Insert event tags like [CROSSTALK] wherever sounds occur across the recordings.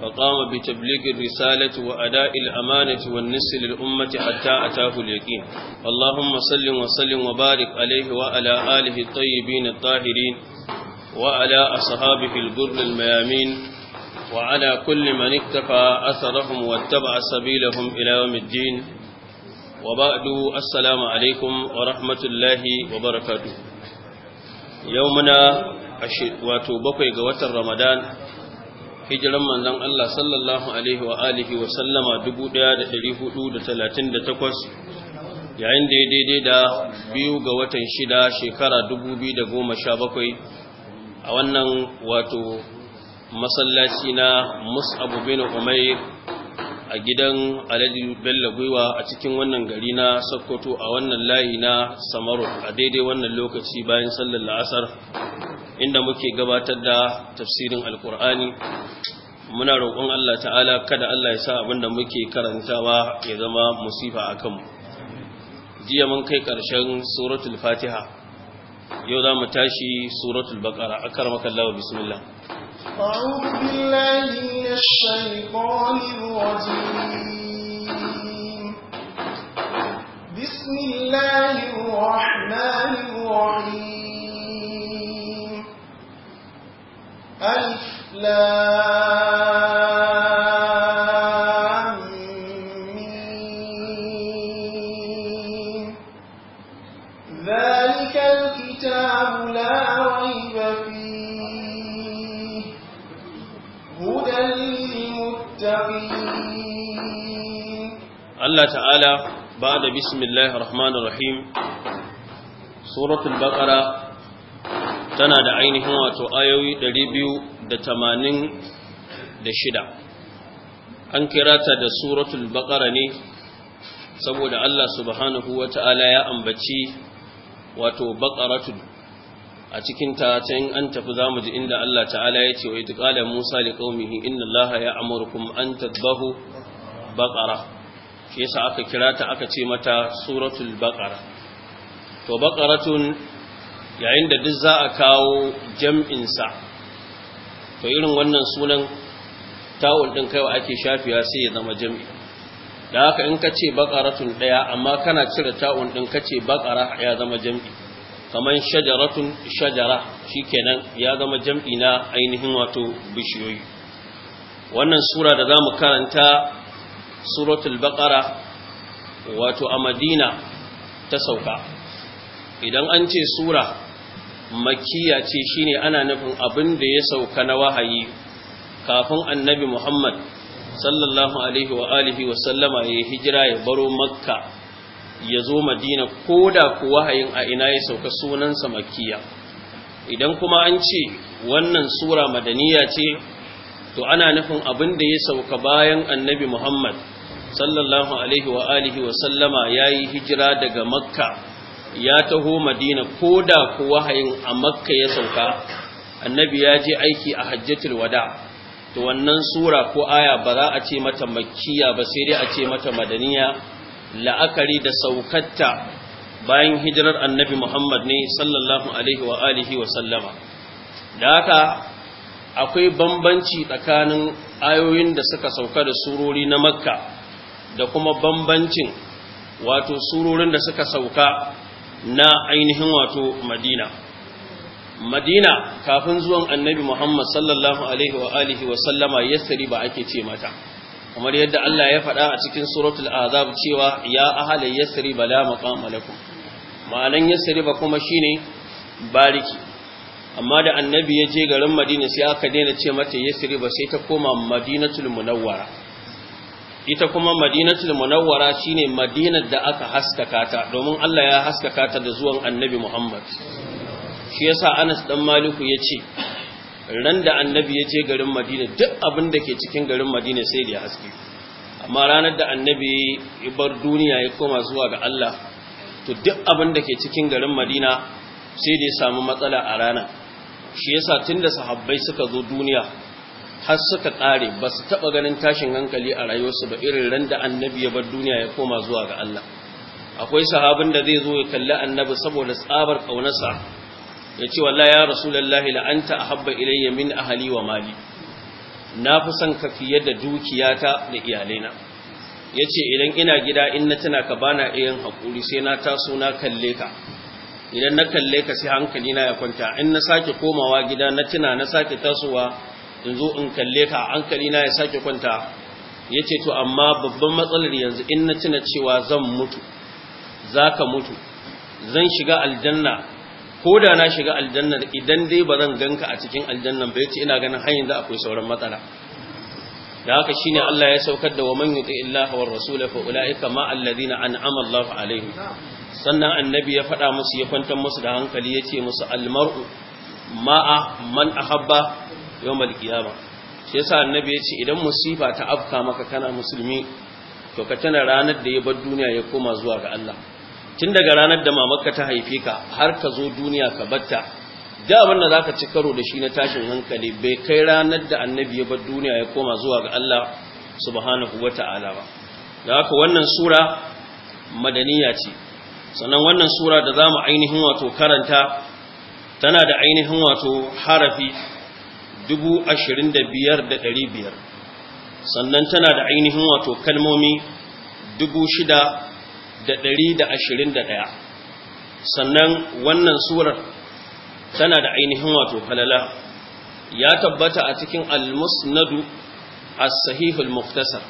فقام بتبليغ الرسالة وأداء الأمانة والنصر للأمة حتى أتاه اليقين اللهم صل وسلم وبارك عليه وعلى آله الطيبين الطاهرين وعلى أصحابه الجر الميامين وعلى كل من اكتفى أثرهم واتبع سبيلهم إلى يوم الدين وبعد السلام عليكم ورحمة الله وبركاته يومنا واتو بقي رمضان hijiran manzon Allah sallallahu alaihi wa alihi wa sallama 1438 yayin da ya daidai da biyu ga watan shida shekara 2017 a wannan wato masallaci na Mus'ab bin Umair a gidan Alhaji Bello Gwiwa a cikin wannan gari na Sokoto a wannan layi na Samaru a daidai wannan lokaci bayan sallar la'asar inda muke gabatar da tafsirin alkur'ani muna roƙon Allah ta'ala kada Allah ya sa abinda muke karantawa ya zama musifa a kanmu jiya mun kai ƙarshen suratul fatiha yau za mu tashi suratul baƙara a karmakan lawa bismillah بسم الله الرحمن الرحيم ألف لام ذلك الكتاب لا ريب فيه هدى للمتقين الله تعالى بعد بسم الله الرحمن الرحيم سورة البقرة tana da ainihin wato ayoyi 286 an kira ta da suratul baqara ne saboda Allah subhanahu wata'ala ya ambaci wato baqaratul a cikin ta can an tafi zamu ji inda Allah ta'ala ya ce wa itqala Musa liqaumihi inna Allaha ya'murukum an tadbahu baqara shi yasa aka kira ta aka ce mata suratul baqara to baqaratun yayin da duk za a kawo jam'insa to irin wannan sunan tawul ɗin kaiwa ake shafiya sai ya zama jam'i da haka in ka ce baƙaratun ɗaya amma kana cire ta’ul ɗin ka ce baƙara ya zama jam'i kamar shajaratun shajara shikenan ya zama jam'i na ainihin wato bishiyoyi wannan sura da za mu karanta suratul baƙara wato a madina ta sauka idan an ce sura makiya ce shine ana nufin abin da ya sauka na wahayi kafin annabi Muhammad sallallahu alaihi wa alihi wa sallama ya hijira ya baro makka ya zo madina koda ku wahayin a ina ya sauka sunansa makiya idan kuma an ce wannan sura madaniya ce to ana nufin abin da ya sauka bayan annabi Muhammad sallallahu alaihi wa alihi wa sallama yayi hijira daga makka ya taho madina ko da kuwa wahayin a makka ya sauka annabi ya je aiki a hajjatul wada to wannan sura ko aya ba za a ce mata makkiya ba sai dai a ce mata madaniya la'akari da saukatta bayan hijirar annabi muhammad ne sallallahu alaihi wa alihi wa sallama da haka akwai bambanci tsakanin ayoyin da suka sauka da surori na makka da kuma bambancin wato surorin da suka sauka na ainihin wato madina madina kafin zuwan annabi muhammad sallallahu alaihi wa alihi wa sallama yasri ba ake ce mata kamar yadda Allah ya faɗa a cikin suratul azab cewa ya ahala yasri bala maqama lakum ma'anan yasri ba kuma shine bariki amma da annabi ya je garin madina sai aka daina ce mata yasri ba sai ta koma madinatul munawwara ita kuma madinatul munawwara shine madinar da aka haskaka ta domin Allah ya haskaka ta da zuwan annabi Muhammad shi yasa Anas dan Maliku yace ran da annabi ya je garin Madina duk abin da ke cikin garin Madina sai da haske amma ranar da annabi ya bar duniya ya koma zuwa ga Allah to duk abin da ke cikin garin Madina sai da ya samu matsala a rana shi yasa tunda sahabbai suka zo duniya har suka kare ba su taɓa ganin tashin hankali a rayuwarsu ba irin ran da annabi ya bar duniya ya koma zuwa ga Allah akwai sahabin da zai zo ya kalli annabi saboda tsabar ƙaunarsa ya ce wallahi ya rasulullahi la anta ahabba ilayya min ahli wa mali na fi son ka fiye da dukiyata da iyalaina ya ce idan ina gida in na tuna ka bana iyan haƙuri sai na taso na kalle ka idan na kalle ka sai hankali na ya kwanta in na sake komawa gida na tuna na sake tasowa in zo in kalle ka hankali na ya sake kwanta ya ce to amma babban matsalar yanzu in na cina cewa zan mutu za ka mutu zan shiga aljanna ko da na shiga aljannar idan dai ba zan ganka a cikin aljannan ba ya ce ina ganin hanyar da akwai sauran matsala da haka shi ne Allah ya saukar da wa man yuti illaha war rasul fa ulaika ma alladhina an'ama Allahu sannan annabi ya faɗa musu ya kwantar musu da hankali yace musu almar'u ma'a man ahabba yawmal qiyama shi yasa annabi ya ce idan musifa ta afka maka kana musulmi to ka tana ranar da ya bar duniya ya koma zuwa ga Allah tun daga ranar da mamaka ta haife ka har ka zo duniya ka batta da abin da zaka ci karo da shi na tashin hankali bai kai ranar da annabi ya bar duniya ya koma zuwa ga Allah subhanahu wata'ala ba da haka wannan sura madaniya ce sannan wannan sura da zamu ainihin wato karanta tana da ainihin wato harafi dubu ashirin da biyar da ɗari biyar sannan tana da ainihin wato kalmomi dubu shida da ɗari da ashirin da ɗaya sannan wannan surar tana da ainihin wato falala ya tabbata a cikin al-musnadu as-sahih al-mukhtasar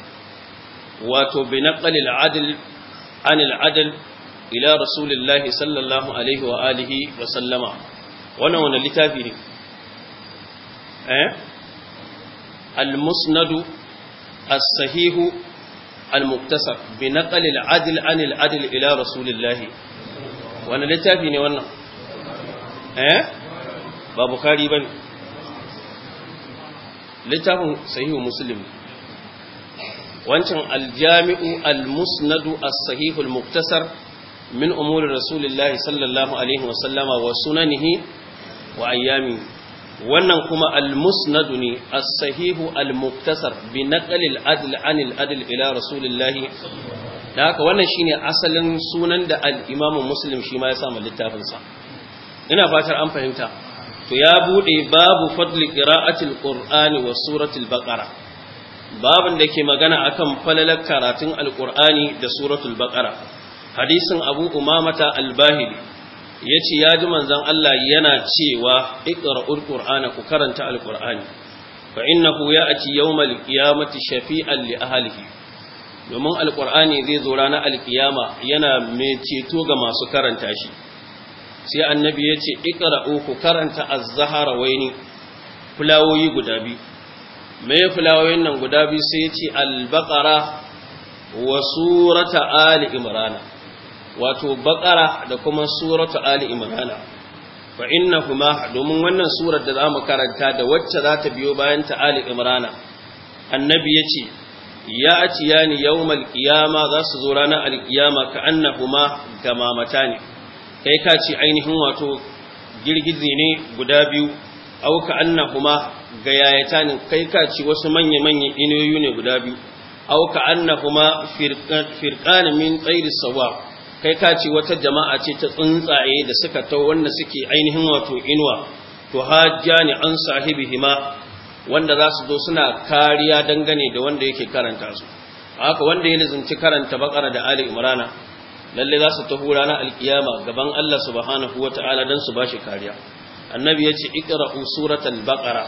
wato bi naqal al-adl an al-adl ila rasulillahi sallallahu alaihi wa alihi wa sallama wannan wannan littafi ne Eh? al-musnadu as-sahihu al-muktasar bi naqli al-adl an al-adl rasulillah wannan littafi ne wannan eh ba bukhari bane littafin sahihu muslim wancan aljami'u, almusnadu, al as-sahihu al-muktasar min umuri rasulillah sallallahu alaihi wa sallama wa sunanihi wa ayyamihi wannan kuma al-musnad ne as-sahihu al-muktasar bi naqlil adl an al-adl ila rasulillahi da haka wannan shine asalin sunan da al-imamu muslim shi ma ya sa littafin sa ina fatar an fahimta to ya bude babu fadli qira'atil qur'ani wa suratul baqara babin da ke magana akan falalar karatun al-qur'ani da suratul baqara hadisin abu umamata al-bahili ya ce ya ji Manzon Allah yana cewa iqra'ul qur'ana ku karanta alqur'ani fa innahu ya'ti yawmal qiyamati shafi'an li ahlihi domin alqur'ani zai zo ranar alqiyama yana mai ceto ga masu karanta shi sai annabi ya ce ku karanta az-zahara waini fulawoyi guda biyu Mai fulawoyin nan guda biyu sai ya ce al-baqara wa surata ali imrana wato baƙara da kuma suratu ali imrana fa innahuma domin wannan surar da zamu karanta da wacce za ta biyo bayan ta ali imrana annabi yace ya atiyani yawmal qiyama za su zo ranar alqiyama ka annahuma gamamata ne kai ka ce ainihin wato girgizi ne guda biyu au ka annahuma gayayata ne kai ka ce wasu manya manyan inoyu ne guda biyu au ka annahuma firqan min tsairi sawab kai ka ce wata jama'a ce ta tsuntsaye da suka tau wanda suke ainihin wato inuwa to hajja ne an sahibihima wanda za su zo suna kariya dangane da wanda yake karanta su haka wanda ya lizinci karanta bakara da ali imrana lalle za su taho ranar alkiyama gaban Allah subhanahu wata'ala dan su bashi kariya annabi ya ce iqra'u suratal baqara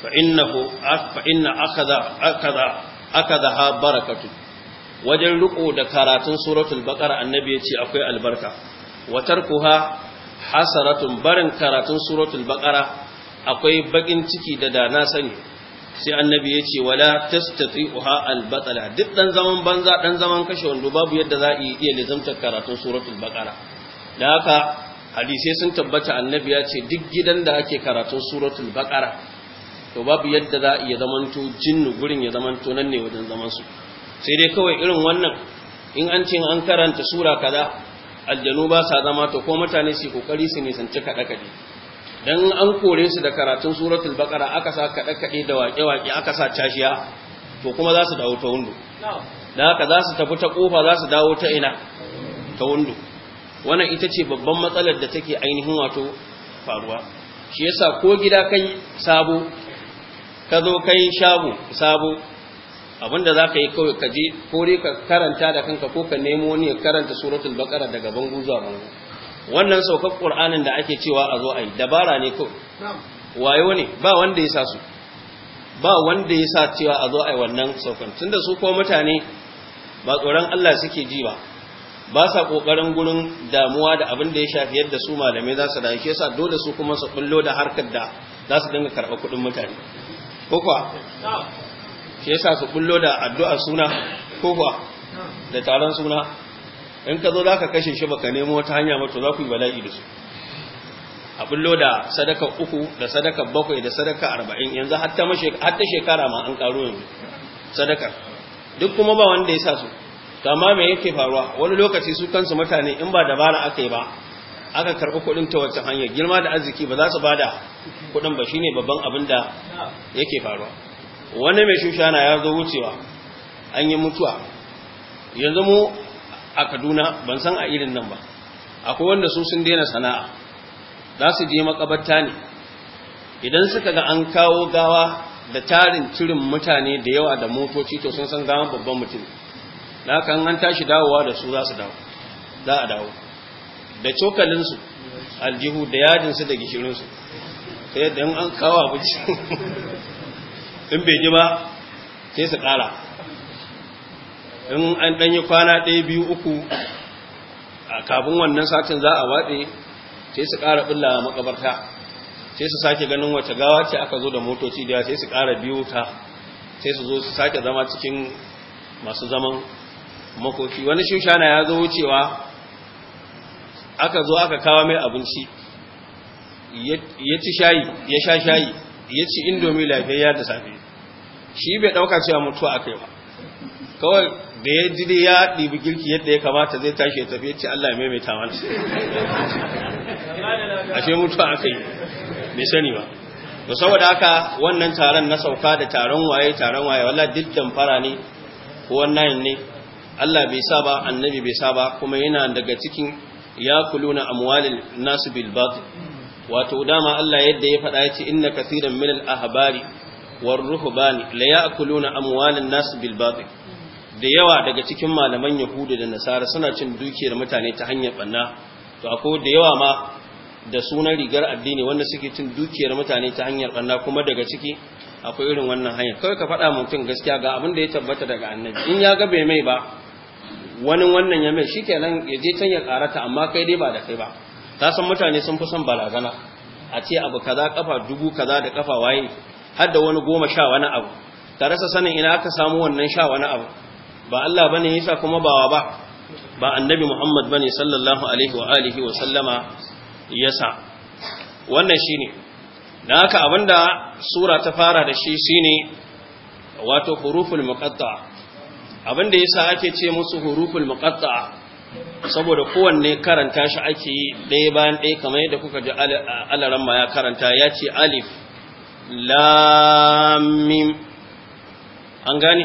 fa innahu fa inna akadha barakatuh wajen riko da karatun suratul baqara annabi ya ce akwai albarka wa tarkuha hasaratun barin karatun suratul bakara akwai bakin ciki da dana sani sai annabi ya ce wala tastati'uha albatala duk dan zaman banza dan zaman kashe wando babu yadda za a iya lizamtar karatun suratul baqara da haka hadisai sun tabbata annabi ya ce duk gidan da ake karatun suratul baqara to babu yadda za a iya zamanto jinnu gurin ya zamanto nan ne wajen zaman su sai dai kawai irin wannan in an ce an karanta sura kaza aljanu ba sa zama to ko mutane su kokari su nisanci kada kade dan an kore su da karatun suratul baqara aka sa kada kade da waƙe waƙe aka sa cashiya to kuma za su dawo ta wundu. da haka za su tafi ta kofa za su dawo ta ina ta wundu. wannan ita ce babban matsalar da take ainihin wato faruwa shi yasa ko gida kai sabo ka zo kai shago sabo abinda za ka yi kawai ka je ko ka karanta da kanka ko ka nemo wani ya karanta suratul baqara daga bangu zuwa bangu wannan saukar qur'anin da ake cewa a zo a yi dabara ne ko waye ne ba wanda ya sa su ba wanda ya sa cewa a zo a yi wannan saukar. tunda su ko mutane ba tsoron Allah suke ji ba ba sa kokarin gurin damuwa da abin da ya shafi yadda su malamai za su da yake sa dole su kuma su bullo da harkar da za su dinga karɓar kuɗin mutane ko kuwa shi yasa su bullo da addu'a suna ko da taron suna in ka zo za ka kashe shi baka nemo wata hanya ba to za ku yi bala'i da su a bullo da sadaka uku da sadaka bakwai da sadaka arba'in yanzu hatta shekara ma an karo yanzu sadaka duk kuma ba wanda ya sa su amma me yake faruwa wani lokaci su kansu mutane in ba dabara aka yi ba aka karɓi kuɗin ta wacce hanyar girma da arziki ba za su bada kuɗin ba shine babban abin da yake faruwa wani mai shushana ya zo wucewa an yi mutuwa yanzu mu a kaduna ban san a irin nan ba akwai wanda su sun daina sana'a za su je makabarta ne idan suka ga an kawo gawa da tarin cirin mutane da yawa da motoci to sun san gawan babban mutum da haka an tashi dawowa da su za su dawo za a dawo da cokalinsu aljihu da yajinsu da gishirinsu ta yadda an kawo abinci [LAUGHS] in bai ji ba sai su ƙara in an ɗanyi kwana ɗaya biyu uku a kafin wannan satin za a waɗe sai su ƙara ɓulla makabarta sai su sake ganin wace gawa ce aka zo da motoci da sai su ƙara biyu ta sai su zo su sake zama cikin masu zaman makoki wani shushana ya zo wucewa aka zo aka kawo mai abinci ya ci shayi ya sha shayi ya ci indomi lafiyayya da safe shi bai ɗauka cewa mutuwa a kai ba kawai da ya ji ya ɗibi girki yadda ya kamata zai tashi ya tafi ce Allah ya maimaita a ashe mutuwa a yi bai sani ba da saboda haka wannan taron na sauka da taron waye taron waye wallah diddan fara ne ko wannan ne Allah bai sa ba annabi bai sa ba kuma yana daga cikin ya kuluna amwalin nasu bil wato dama Allah yadda ya faɗa yace inna kaseeran min al-ahbari war-ruhbani la ya'kuluna amwalan nas bil batil da yawa daga cikin malaman yahudu da nasara suna cin dukiyar mutane ta hanyar banna to akwai da yawa ma da sunan rigar addini wanda suke cin dukiyar mutane ta hanyar banna kuma daga ciki akwai irin wannan hanyar kawai ka faɗa mutum gaskiya ga abin da ya tabbata daga annabi in ya ga bai mai ba wani wannan ya mai shikenan ya je can ya karata amma kai dai ba da kai ba ka san mutane sun fi son barazana a ce abu kaza kafa dubu kaza da kafa waye har da wani goma sha wani abu ka rasa sanin ina aka samu wannan sha wani abu ba Allah bane yasa kuma bawa ba ba annabi Muhammad bane sallallahu alaihi wa alihi wa sallama yasa wannan shine dan haka abinda sura ta fara da shi shine wato huruful muqatta abinda yasa ake ce musu huruful muqatta saboda kowanne karanta shi ake yi ɗaya bayan ɗaya kamar yadda kuka ji alaran ma ya karanta ya ce alif lamim an gane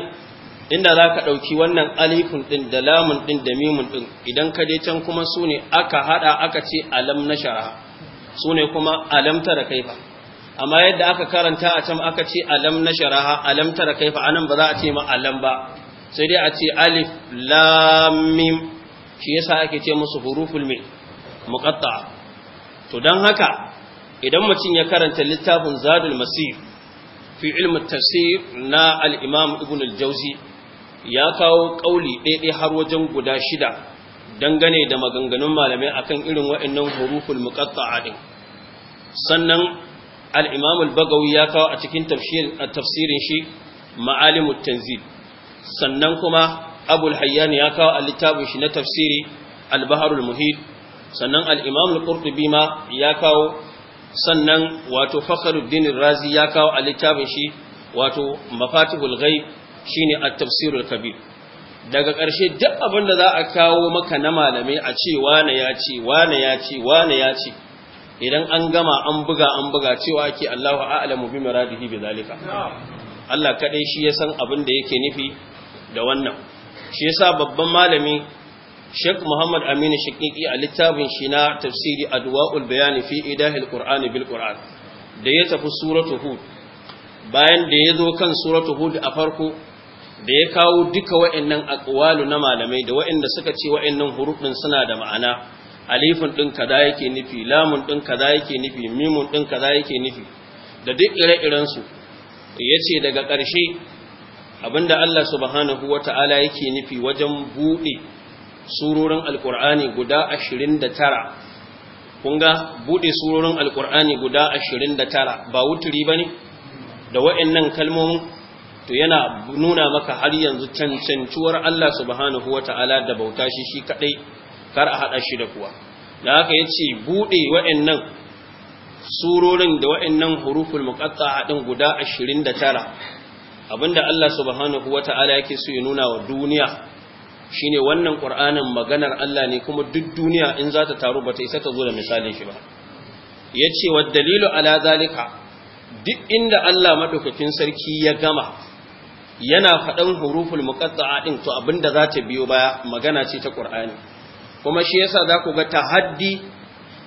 inda za ka ɗauki wannan alifin ɗin da lamun ɗin da mimun ɗin idan ka je can kuma su ne aka haɗa aka ce alam na shara su ne kuma alamta da kaifa amma yadda aka karanta a can aka ce alam na shara alamta da kaifa anan ba za a ce ma alam ba sai dai a ce alif lamim shi yasa ake ce musu huruful mai muqatta to dan haka idan mutum ya karanta littafin zadul masir fi ilmi tafsir na al-imam ibn al-jawzi ya kawo kauli ɗaiɗai har wajen guda shida dangane da maganganun malamai akan irin waɗannan huruful muqatta'a din sannan al al-bagawi ya kawo a cikin tafsirin shi ma'alimut tanzil sannan kuma abul hayyan ya kawo a littafin shi na tafsiri al-baharul muhit sannan al-imam al-qurtubi ma ya kawo sannan wato fakhruddin razi ya kawo a littafin shi wato mafatihul ghaib shine at-tafsirul kabir daga ƙarshe duk abin da za a kawo maka na malamai a ce wane ya ce wane ya ce wane ya ce idan an gama an buga an buga cewa ake Allahu a'lamu bi maradihi bi zalika Allah kadai shi ya san abin da yake nufi da wannan shi yasa babban malami Sheikh Muhammad Aminu Shakiki a littafin shi na tafsiri Adwa'ul Bayani fi Idahil Qur'ani bil Qur'an da ya tafi suratu Hud bayan da ya zo kan suratu Hud a farko da ya kawo duka wa'annan aqwalu na malamai da wa'anda suka ce wa'annan hurufin suna da ma'ana alifun din kaza yake nufi lamun din kaza yake nufi mimun din kaza yake nufi da duk ire-iren su yace daga ƙarshe abinda Allah subhanahu wata'ala yake nufi wajen buɗe surorin alkur'ani guda 29 ga buɗe surorin alkur'ani guda 29 ba wuturi bane da wa'annan kalmomin to yana nuna maka har yanzu cancancuwar Allah subhanahu ta'ala, da bauta shi shi kadai kar a hada shi da kuwa da haka yace buɗe wa'annan surorin da wa'annan huruful muqatta'a din guda 29 abinda Allah subhanahu Ta'ala yake so ya nuna wa duniya shine wannan qur'anin maganar Allah ne kuma duk duniya in za ta taru bata isa ta zo da misalin shi ba yace wa dalilu ala zalika duk inda Allah madaukakin sarki ya gama yana faɗan huruful muqatta'a din to abinda za ta biyo baya magana ce ta qur'ani kuma shi yasa za ku ga tahaddi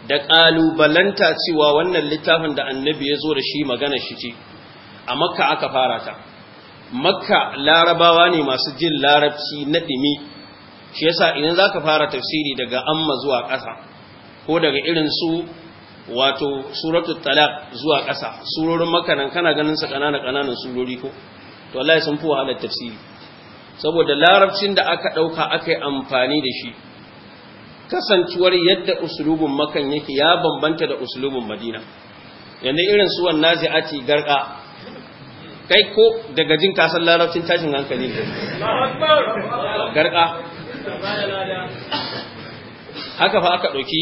da ƙalubalanta cewa wannan littafin da annabi ya zo da shi magana shi ce a makka aka fara ta makka larabawa ne masu jin larabci na ɗimi shi yasa idan za ka fara tafsiri daga amma zuwa ƙasa ko daga irin su wato suratul talaq zuwa ƙasa surorin Makka nan kana ganin su ƙanana ƙananan surori ko to wallahi sun fi wahalar tafsiri saboda larabcin da aka ɗauka aka yi amfani da shi kasancewar yadda usulubin makan yake ya bambanta da usulubin madina yanzu irin su wannan zai garka kai ko daga jin kasan larabcin tashin hankali ne garka haka fa aka ɗauki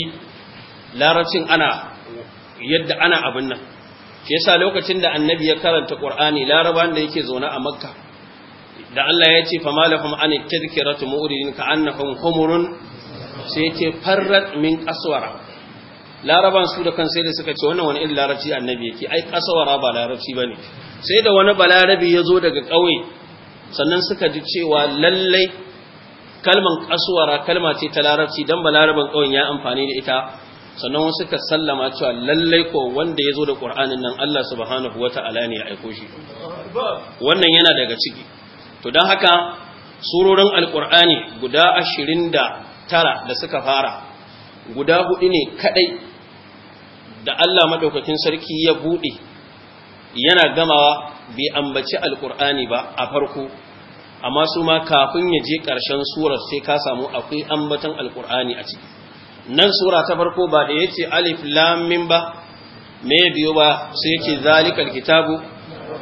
larabcin ana yadda ana abin nan shi yasa lokacin da annabi ya karanta Ƙur'ani laraban da yake zaune a makka da Allah ya ce fa malakum an tadhkiratu mu'ridin ka annahum humurun sai ce farrat min aswara laraban su da kan sai da suka ce wannan wani irin larabci annabi yake ai kasawara ba larabci bane sai da wani balarabi ya zo daga ƙauye sannan suka ji cewa lallai kalman kasawara kalma ce ta larabci dan balaraban ƙauyen ya amfani da ita sannan wasu suka sallama cewa lallai ko wanda ya zo da ƙur'anin nan Allah subhanahu wata'ala ne ya aiko shi wannan yana daga ciki to don haka surorin alƙur'ani guda ashirin da tara da suka fara guda hudu ne kadai da Allah madaukakin sarki ya buɗe yana gamawa bai ambaci Alƙur'ani ba a farko amma su ma kafin ya je ƙarshen surar sai ka samu akwai ambatan Alƙur'ani a ciki nan sura ta farko ba da yace alif lam mim ba me biyo ba sai yace zalikal kitabu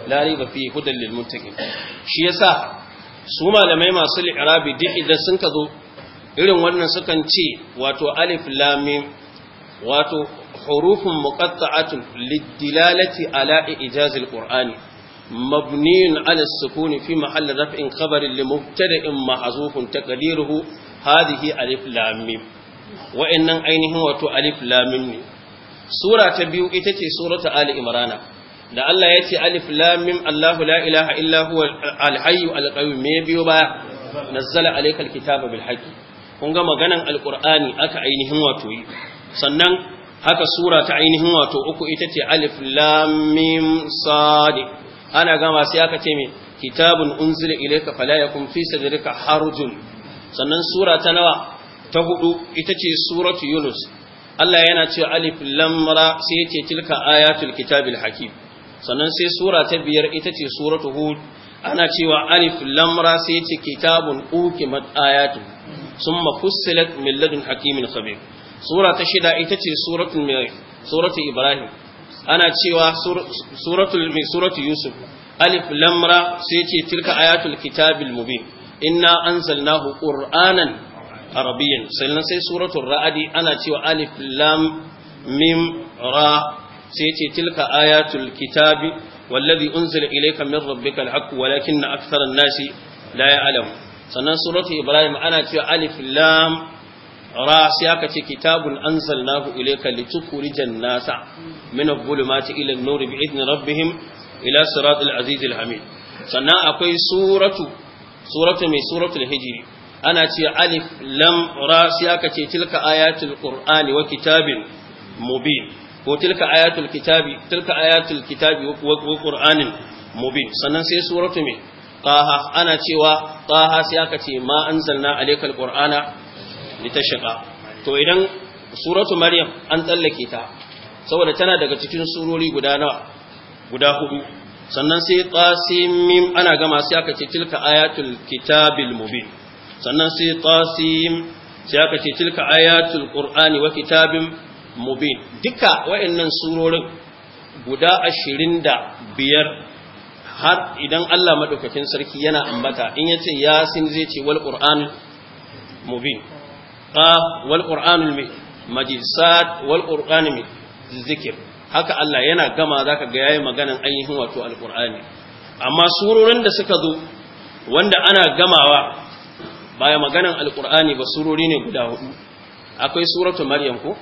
la riba fi hudal lil muttaqin shi yasa su malamai masu lirabi duk idan sun ka zo irin wannan sukan ce wato alif lam wato hurufun muqatta'atun lidilalati ala ijazil qur'ani مبني على السكون في محل رفع خبر لمبتدئ محذوف تقديره هذه الف لام ميم وانن عينه وتو ne. لام ميم تبيو itace surata ali imran da Allah yace alif lam Allahu la ilaha illa huwa al-hayy al-qayyum me biyo ba nazzala alayka al-kitaba bil haqqi kun ga maganan alqur'ani aka ainihin wato yi sannan haka sura ta ainihin wato uku ita ce alif lam mim sad ana gama sai aka ce me kitabun unzila ilayka fala yakum fi sadrika harjun sannan sura ta nawa ta hudu ita ce suratu yunus Allah yana ce alif lam ra sai ce tilka ayatul kitabil hakim sannan sai sura ta biyar ita ce suratu hud ana cewa alif lam ra sai ce kitabun uqimat ayatu summa fussilat min ladun hakimin khabir سورة تشيدا إتتي سورة سورة إبراهيم أنا تشيوا سورة سورة يوسف ألف لمرة سيتي تلك آيات الكتاب المبين إنا أنزلناه قرآنا عربيا سيلنا سي سورة الرعد أنا تشيوا ألف لم ميم را سيتي تلك آيات الكتاب والذي أنزل إليك من ربك الحق ولكن أكثر الناس لا يعلم سنة سورة إبراهيم أنا تشيوا ألف لام ra sai aka ce kitabun anzalnahu ilayka litukhrijan nasa min adh-dhulumati ila an-nur bi'idni rabbihim ila siratil azizil sannan akwai suratu suratu mai suratul hijri ana ce alif lam ra sai aka ce tilka ayatul qur'ani wa kitabin mubin ko tilka ayatul kitabi tilka ayatul kitabi wa sannan sai mai ana cewa taha sai aka ce ma anzalna alaykal ta shiga to idan suratu maryam an tsallake ta saboda tana daga cikin surori guda nawa guda hudu sannan sai qasimim ana gama sai aka ce tilka ayatul kitabil mubin sannan sai qasim sai aka ce tilka ayatul qur'ani wa kitabim mubin duka wayannan surorin guda 25 har idan Allah madaukakin sarki yana ambata in yace yasin zai ce wal qur'an mubin qaf wal qur'anul majid haka Allah yana gama zaka ga yayi maganan ainihin wato alqur'ani amma surorin da suka zo wanda ana gamawa baya maganan alqur'ani ba surori ne guda hudu akwai suratu maryam ko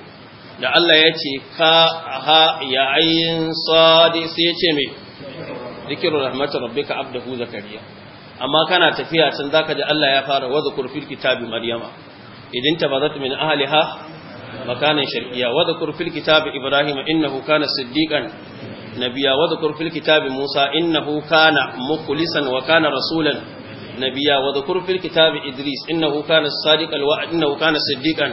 da Allah ya ce ka ha ya ayin sadi sai ya ce mai zikiru rahmatu rabbika abdahu zakariya amma kana tafiya can zaka ji Allah ya fara wa fil kitabi maryama انت تبذت من أهلها مكانا شرقيا وذكر في الكتاب إبراهيم إنه كان صديقا نبيا وذكر في الكتاب موسى إنه كان مخلصا وكان رسولا نبيا وذكر في الكتاب إدريس إنه كان صادق الوعد إنه كان صديقا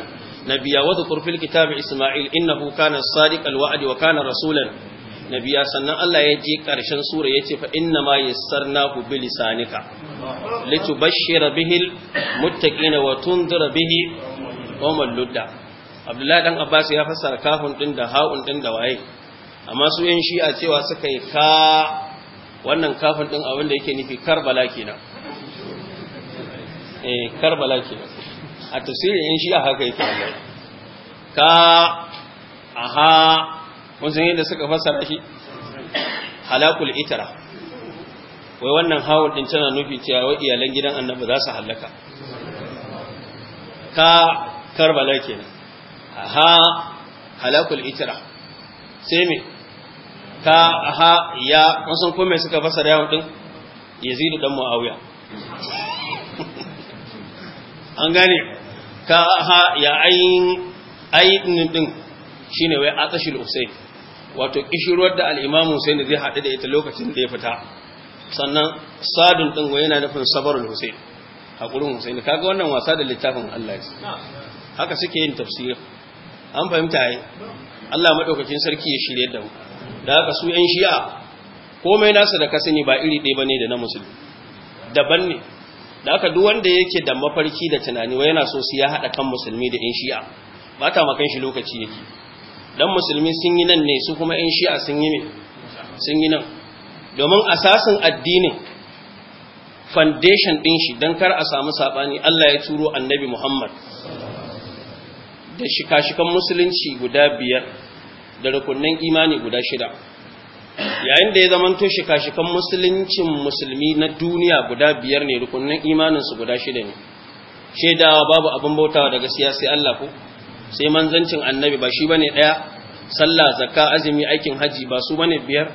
نبيا وذكر في الكتاب إسماعيل إنه كان صادق الوعد وكان رسولا nabiya sannan Allah ya je ƙarshen sura ya ce fa inna ma yassarnahu bi lisanika litubashshira bihi almuttaqina wa tundira bihi qawmal ludda Abdullahi dan Abbas ya fassara kafin din da ha'un din da waye amma su yan a cewa suka yi ka wannan kafin din abin da yake nufi Karbala kenan eh Karbala kenan a tafsirin yan a haka yake ka aha kun san yadda suka fassara shi halakul itara wai wannan hawul din tana nufi cewa wai iyalan gidan annabi za su halaka ka karbala kenan aha halakul itara sai me ka aha ya kun san ko me suka fassara yawon din yazidu dan muawiya an gane ka aha ya ayin ayin din shine wai atashil usayd wato kishirwar da al’imamun sai ne zai haɗu da ita lokacin da ya fita sannan sadun ɗin yana nufin sabarul hussein haƙurin hussein kaga wannan wasa da littafin allah ya haka suke yin tafsir an fahimta yi allah maɗaukakin sarki ya shirya da mu da haka su yan shi'a komai nasa da kasani ba iri ɗaya ne da na musulmi daban ne da haka duk wanda yake da mafarki da tunani wa yana so su ya haɗa kan musulmi da yan shi'a ba ta makan shi lokaci yake dan musulmi sun yi nan ne su kuma yan shi'a sun yi ne sun yi nan domin asasin addinin foundation din shi dan kar a samu sabani Allah ya turo annabi Muhammad da shika-shikan musulunci guda biyar da rukunnan imani guda shida yayin da ya zamanto shika-shikan musuluncin musulmi na duniya guda biyar ne rukunnan imaninsu guda shida ne shaidawa babu abin bautawa daga siyasi Allah ko sai manzancin annabi ba shi bane daya sallah zakka azumi aikin haji ba su bane biyar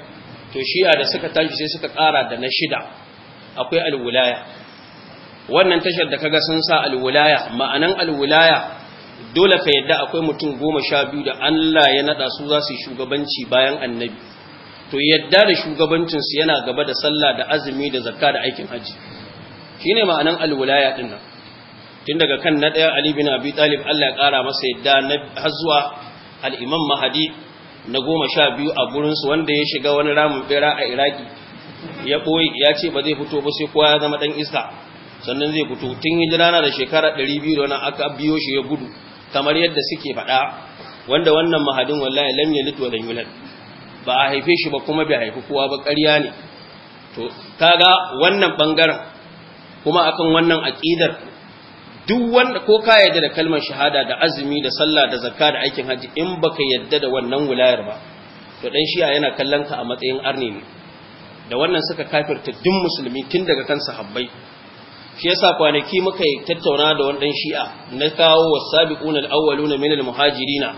to shi'a da suka tashi sai suka kara da na shida akwai alwilaya wannan tashar da kaga sun sa alwulaya ma'anan alwulaya dole ka yadda akwai mutum goma sha biyu da Allah ya nada su za su yi shugabanci bayan annabi to yadda da shugabancinsu yana gaba da sallah da azumi da zakka da aikin haji shine ma'anan alwulaya ɗinnan. tun daga kan na ɗaya Ali bin Abi Talib Allah ya ƙara masa yadda na har zuwa al-Imam Mahdi na goma sha biyu a gurinsu wanda ya shiga wani ramin bera a Iraki ya ɓoye ya ce ba zai fito ba sai kowa ya zama ɗan iska sannan zai fito tun hijira na da shekara ɗari biyu da aka biyo shi ya gudu kamar yadda suke faɗa wanda wannan mahadin wallahi lam yalid wa lam yulad ba a haife shi ba kuma bai haifi kowa ba ƙarya ne to kaga wannan bangaren kuma akan wannan aqidar duk wanda ko ka yarda da kalmar shahada da azumi da sallah da zakka da aikin haji in baka yarda da wannan wilayar ba to dan shi'a yana kallon ka a matsayin arni ne da wannan suka kafirta duk musulmi tun daga kan sahabbai shi yasa kwanaki muka yi tattauna da wani dan shi'a na kawo wasabiquna alawwaluna minal muhajirina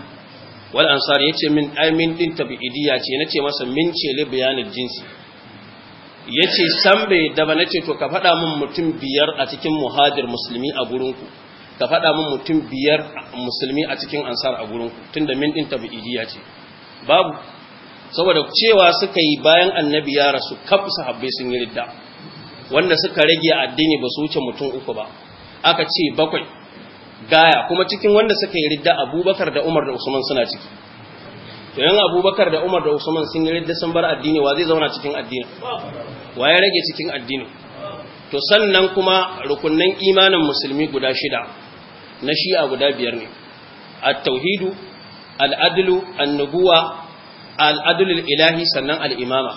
wal ansar yace min ai min din tabi'idiyya ce nace masa min ce li jinsi ya ce san bai da ba na ce to ka faɗa min mutum biyar a cikin muhajir musulmi a gurinku ka faɗa min mutum biyar musulmi a cikin ansar a gurinku tun da min ɗin tabi'idiyya ce babu saboda cewa suka yi bayan annabi ya rasu kaf sahabbai sun yi ridda wanda suka rage addini ba su wuce mutum uku ba aka ce bakwai gaya kuma cikin wanda suka yi ridda abubakar da umar da usman suna ciki to yan abubakar da umar da usman sun yi ridda sun bar addini wa zai zauna cikin addini wa ya rage cikin addini to sannan kuma rukunnan imanin musulmi guda shida na shi'a guda biyar ne at-tauhidu al-adlu an-nubuwa al-adlu al-ilahi sannan al-imama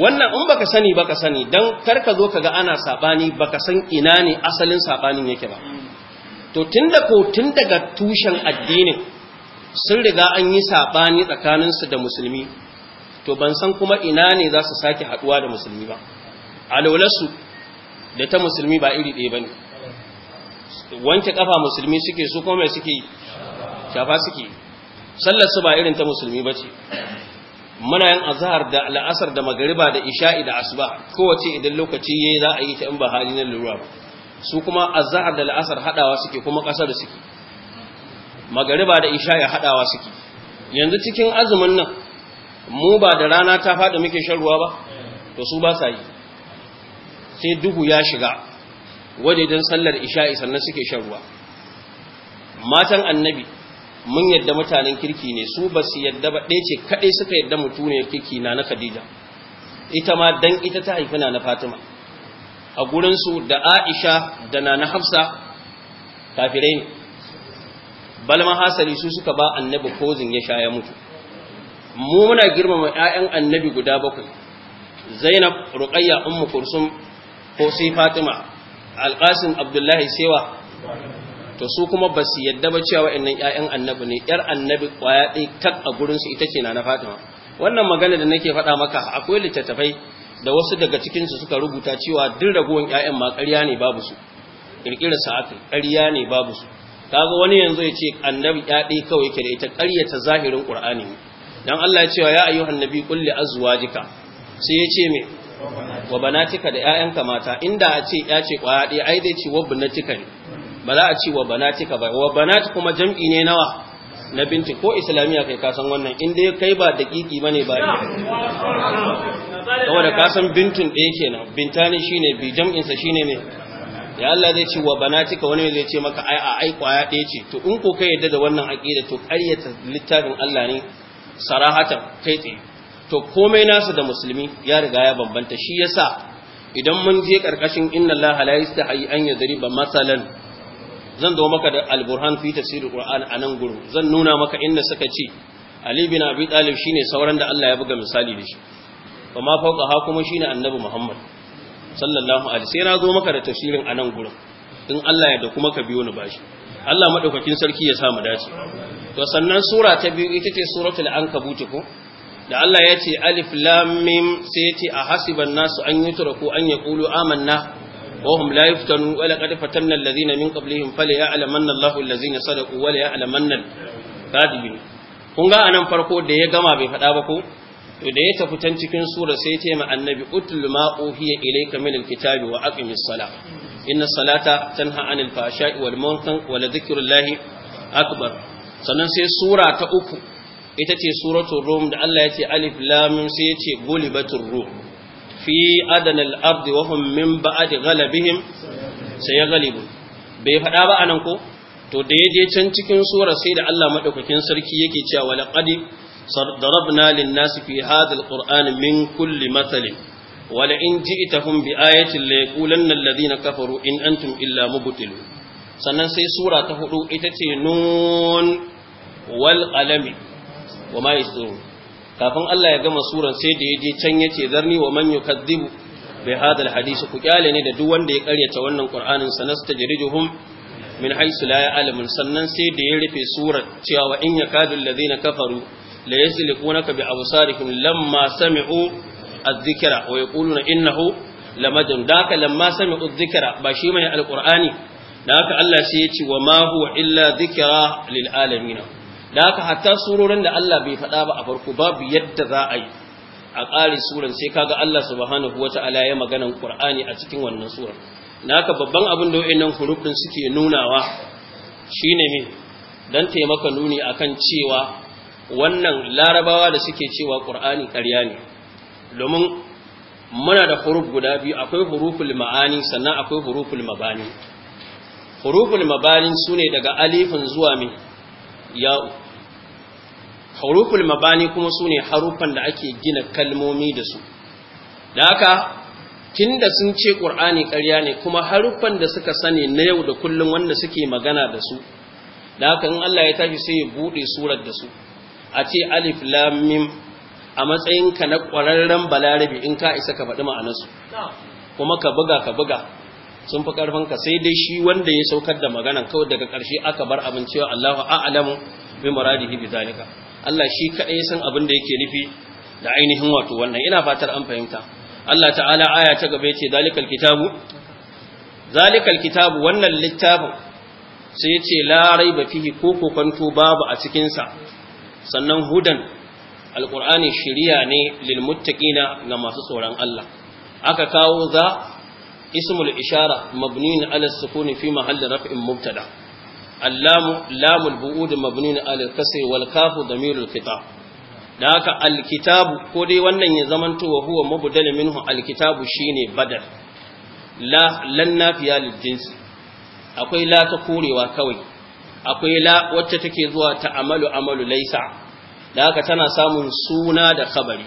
wannan in baka sani baka sani dan ka zo kaga ana sabani baka san ina ne asalin sabanin yake ba to tunda ko tun daga tushen addinin sun riga an yi saɓani tsakaninsu da musulmi to ban san kuma ina ne za su sake haɗuwa da musulmi ba alaularsu da ta musulmi ba iri ɗaya ba ne wanke ƙafa musulmi suke su kuma suke shafa suke sallarsu ba irin ta musulmi ba ce muna yin azahar da la'asar da magariba da isha'i da asuba kowace idan lokaci ya za a yi ta in ba hali na lura ba su kuma azahar da la'asar haɗawa suke kuma ƙasar suke magariba da isha ya haɗawa suke yanzu cikin azumin nan mu ba da rana ta faɗi muke shan ruwa ba to su ba sa yi sai duhu ya shiga wajejen sallar isha'i sannan suke shan ruwa matan annabi mun yadda mutanen kirki ne su ba su yadda ba ɗaya ce kaɗai suka yadda mutu ne kirki na na khadija ita ma dan ita ta haifi na na fatima a gurinsu da aisha da na na hafsa kafirai ne balma hasali su suka ba annabi kozin ya sha ya mutu mu muna girmama ƴaƴan annabi guda bakwai zainab ruqayya ummu kursum ko sai fatima alqasim abdullahi sewa to su kuma ba su yadda ba cewa wa'annan ƴaƴan annabi ne ƴar annabi kwaya ɗaya tak a gurin su ita ce na fatima wannan magana da nake faɗa maka akwai littattafai da wasu daga cikin su suka rubuta cewa duk ragowan ƴaƴan ma ƙarya ne babu su ƙirƙirar sa ƙarya ne babu su kaga wani yanzu ya ce annabi ya ɗai kawai yake da ita ƙaryata zahirin ƙur'ani dan Allah ya ce ya ayyuhan nabi qul li azwajika sai ya ce me wa banatika da ƴaƴanka mata inda a ce ya ce ƙwaya ɗaya ai dai ce wa banatika ne ba za a ce wa banatika ba wa banat kuma jam'i ne nawa na binti ko islamiya kai kasan wannan inda ya kai ba dakiki bane ba ne saboda kasan bintun ɗaya kenan bintani shine bi jam'insa shine ne ya Allah zai ce wa banatika wani zai ce maka ai a ai kwaya ɗaya ce to in ko kai yadda da wannan aqida to ƙaryata littafin Allah ne sarahatan kai tsaye to komai nasa da musulmi ya riga ya bambanta shi yasa idan mun je karkashin inna Allah la yastahi an yadriba masalan zan zo maka da alburhan fi tafsirul qur'an anan gurin zan nuna maka inda suka ce ali bin abi talib shine sauran da Allah ya buga misali da shi kuma fauka ha kuma shine annabi muhammad sallallahu alaihi sai na zo maka da tafsirin a nan gurin in Allah ya da kuma ka biyo ni bashi Allah madaukakin sarki ya sa mu dace to sannan sura ta biyu ita ce suratul ankabut ko da Allah ya ce alif lam mim sai ce ahasiban nasu an yutraku an yaqulu amanna laqad fatanna alladhina min qablihim الذين ya'lamanna Allahu alladhina sadaqu wa la ya'lamanna kadibin kun ga anan farko da ya gama bai faɗa ba ko to da ya tafi can cikin sura sai ce ma annabi utul ma uhiya ilayka min alkitabi wa aqimis sala inna salata tanha anil fahsha'i wal munkar wa la dhikrullahi akbar sannan sai sura ta uku ita ce suratul rum da Allah ya ce alif lam sai ya ce gulibatur rum fi adana ardi wa hum min ba'di ghalabihim sayaghlibu bai faɗa ba anan ko to da ya je can cikin sura sai da Allah madaukakin sarki yake cewa laqad ضربنا للناس في هذا القرآن من كل مثل ولئن جئتهم بآية ليقولن الذين كفروا إن أنتم إلا مبتلون sannan sai sura ta hudu ita ce nun wal qalami wa ma yasdurun kafin Allah ya gama suran sai da yaje can yace zarni wa man yukadzibu bi hada al hadith ku kyale ne da duk wanda ya karyata wannan qur'anin sanastajrijuhum min haythu la ya'lamun sannan sai da ya rufe surar cewa in yakadu alladhina kafaru la yasliqunaka bi absarikum lamma sami'u adh-dhikra wa yaquluna innahu lamadun daka lamma sami'u adh-dhikra ba shi mai alqur'ani daka Allah sai ya ce wa ma huwa illa dhikra lil alamin daka hatta surorin da Allah bai faɗa ba a farko babu yadda za a yi a ƙari suran sai kaga Allah subhanahu wata'ala ya maganan Qur'ani a cikin wannan suran naka babban abin da wayannan hurufin suke nunawa shine me dan taimaka nuni akan cewa wannan larabawa da suke cewa ƙur'ani ƙarya ne domin muna da huruf guda biyu akwai huruful ma'ani sannan akwai huruful mabani huruful mabani su daga alifin zuwa min ya'u huruful mabani kuma sune ne harufan da ake gina kalmomi da su da haka tun sun ce ƙur'ani ƙarya ne kuma harufan da suka sani na yau da kullum wanda suke magana da su da haka in Allah ya tafi sai ya buɗe surar da su a ce alif lam mim a matsayinka na ƙwararren balarabi in ka isa ka faɗi ma'anarsu kuma ka buga ka buga sun fi ka sai dai shi wanda ya saukar da magana, kawai daga ƙarshe aka bar abin cewa Allahu a'lamu bi muradihi bi zalika Allah shi kaɗai san abin da yake nufi da ainihin wato wannan ina fatar an fahimta Allah ta'ala aya ta gaba yace zalikal kitabu zalikal kitabu wannan littafin sai yace la raiba fihi ko kwanto babu a cikin sa sannan hudan alkur'ani shiriya ne lil muttaqina ga masu tsoron Allah aka kawo za ismul ishara mabnin ala sukun fi mahalli raf'in mubtada allamu lamul bu'ud mabnin ala kasri wal kafu damirul kitab da haka alkitab ko dai wannan ya zamanto wa huwa mubdal minhu alkitabu shine badal la lan nafiya lil jinsi akwai la ta korewa kawai akwai la wacce take zuwa ta amalu amalu laisa da haka tana samun suna da khabari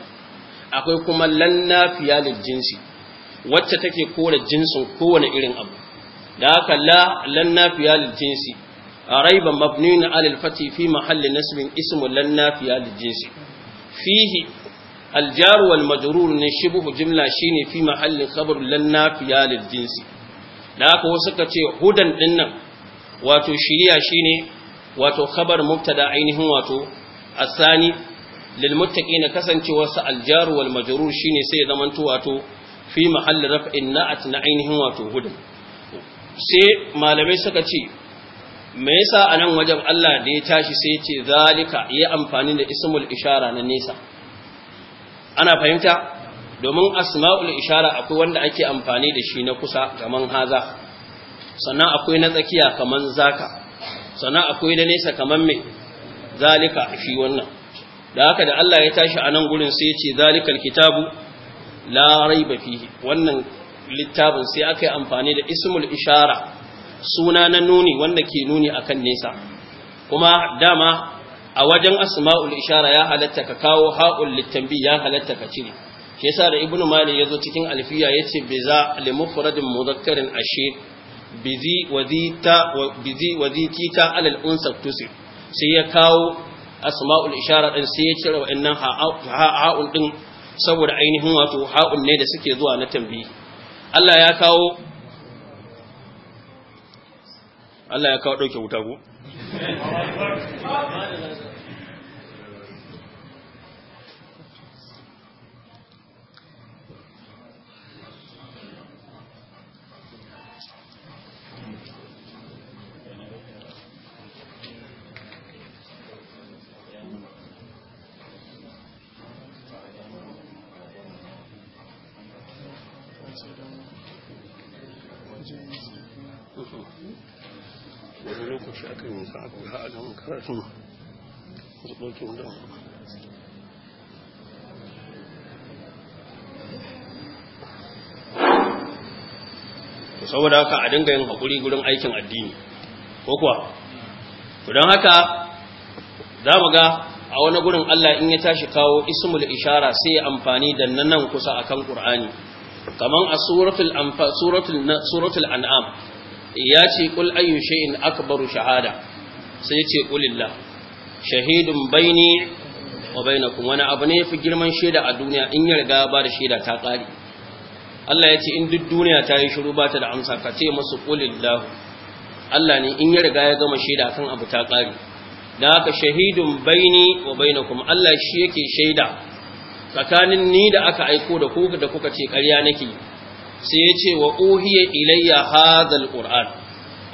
akwai kuma lanna fiyalil jinsi wacce take kore jinsin kowane irin abu da haka la lanna fiyalil jinsi raiban mabnin alil fati fi mahalli nasbin ismu lanna fiyalil jinsi fihi الجار jimla shibhu جملة shine في محل خبر لنا في آل الجنس لا كو سكتي hudan dinnan. wato shiriya shine wato khabar mubtada ainihin wato asani lil muttaqina kasancewa sa al jar wal majrur shine sai zamanto wato fi mahalli raf'in na'at na ainihin wato hudun sai malamai suka ce me yasa anan wajen Allah da ya tashi sai ya ce zalika ya amfani da ismul ishara na nesa ana fahimta domin asma'ul ishara akwai wanda ake amfani da shi na kusa kamar haza sannan akwai na tsakiya kaman zaka sannan akwai na nesa kamar mai zalika shi wannan da haka da Allah ya tashi a nan gurin sai ya ce zalikal kitabu la raiba fihi wannan littafin sai aka yi amfani da ismul ishara suna na nuni wanda ke nuni akan nesa kuma dama a wajen asma'ul ishara ya halatta ka kawo ha'ul litambi ya halatta ka cire shi yasa da ibnu mali yazo cikin alfiya yace bi za limufradin muzakkarin ashe. bizi waziti ta alal unsa tusi sai ya kawo asma'ul ishara din sai ya cire wa'annan ha'un din saboda ainihin wato ha'un ne da suke zuwa na tambayi Allah ya kawo Allah ya kawo dauke wuta go wani lokaci yi saboda haka a dinga yin haƙuri gudun aikin addini ko kuwa Ku don haka za mu ga a wani gurin Allah in ya tashi kawo ismul ishara sai ya amfani da nan kusa akan Qur'ani kamar a suratul anfa an'am ya ce kul ayyu shay'in akbaru shahada sai ce kulillah shahidun baini wa bainakum wani abu ne fi girman shaida a duniya in ya riga ba da shaida ta kare Allah ya ce in duk duniya ta yi shiru ba ta da amsa ka ce musu kulillah Allah ne in ya riga ya gama shaida kan abu ta kare da haka shahidun baini wa bainakum Allah shi yake shaida tsakanin ni da aka aiko da ku da kuka ce ƙarya nake sai ya ce wa uhiya ilayya hadal qur'an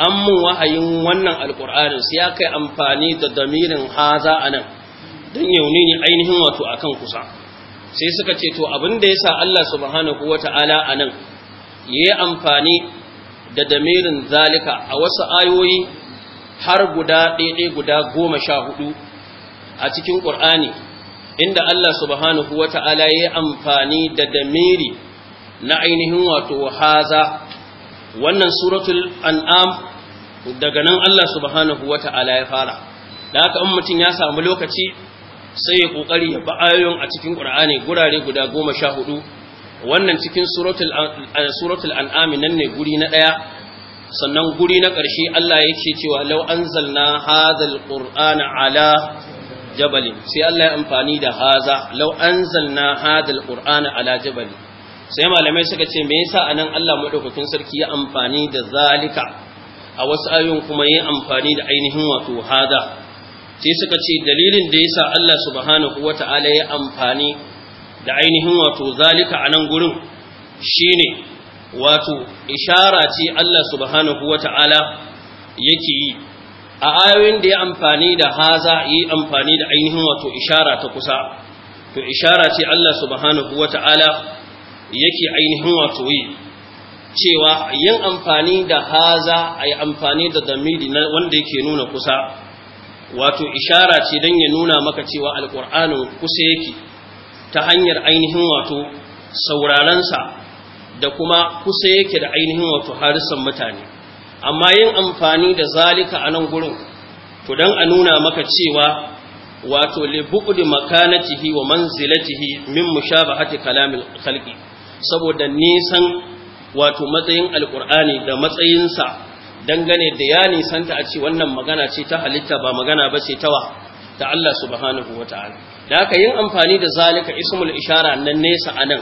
an mun wahayin wannan alqur'anin sai ya kai amfani da damirin haza anan dan yauni ne ainihin wato akan kusa sai suka ce to abin da yasa Allah subhanahu wata'ala anan yayi amfani da damirin zalika a wasu ayoyi har guda ɗaiɗai guda goma sha hudu a cikin ƙur'ani inda Allah subhanahu wata'ala ya yi amfani da damiri na ainihin wato haza wannan suratul an'am daga nan Allah subhanahu wata'ala ya fara da haka in mutum ya samu lokaci sai ya kokari ya ba ayoyin a cikin Qur'ani gurare guda sha hudu. wannan cikin suratul eh, suratul an'am nan ne guri na daya sannan guri na ƙarshe Allah ce cewa law anzalna hadhal qur'ana ala jabalin sai Allah ya amfani da haza law anzalna hadhal qur'ana ala jabalin sai malamai suka ce me yasa anan Allah madaukakin sarki ya amfani da zalika a wasu ayoyin kuma ya amfani da ainihin wato hada sai suka ce dalilin da yasa Allah subhanahu wata'ala ya amfani da ainihin wato zalika anan gurin shine wato ishara ce Allah subhanahu wata'ala yake yi a ayoyin da ya amfani da haza yi amfani da ainihin wato ishara ta kusa to ishara ce Allah subhanahu wata'ala yake ainihin wato yi cewa yin amfani da haza a yi amfani da damiri wanda yake nuna kusa wato ishara ce don ya nuna maka cewa alƙur'anin kusa yake ta hanyar ainihin wato saurarensa da kuma kusa yake da ainihin wato harisan mutane amma yin amfani da zalika a nan gurin to don a nuna maka cewa wato libu'udi makanatihi wa manzilatihi min mushabahati kalamin khalqi saboda nisan wato matsayin alkur'ani da matsayinsa dangane da ya nisanta a ce wannan magana ce ta halitta ba magana ba ce tawa ta Allah subhanahu wa ta'ala da aka yin amfani da zalika ismul ishara nan nesa nan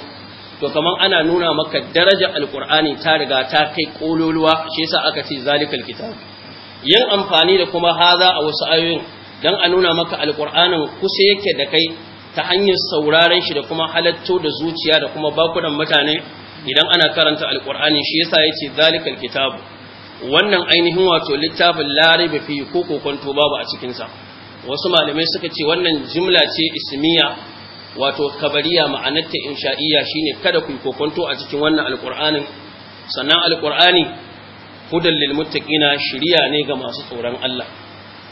to kamar ana nuna maka daraja alkur'ani ta riga ta kai ƙololuwa shi yasa aka ce zalikal kitab yin amfani da kuma haza a wasu ayoyin don a nuna maka alkur'anin kusa yake da kai ta hanyar sauraron shi da kuma halatto da zuciya da kuma bakunan mutane idan ana karanta alkur'ani shi yasa yace zalikal kitab wannan ainihin wato littafin laribi fi ko kokonto babu a cikin sa wasu malamai suka ce wannan jumla ce ismiya wato kabariya ma'anarta insha'iyya shine kada ku kokonto a cikin wannan alkur'anin sannan alkur'ani hudan lil muttaqina shiriya ne ga masu tsoron Allah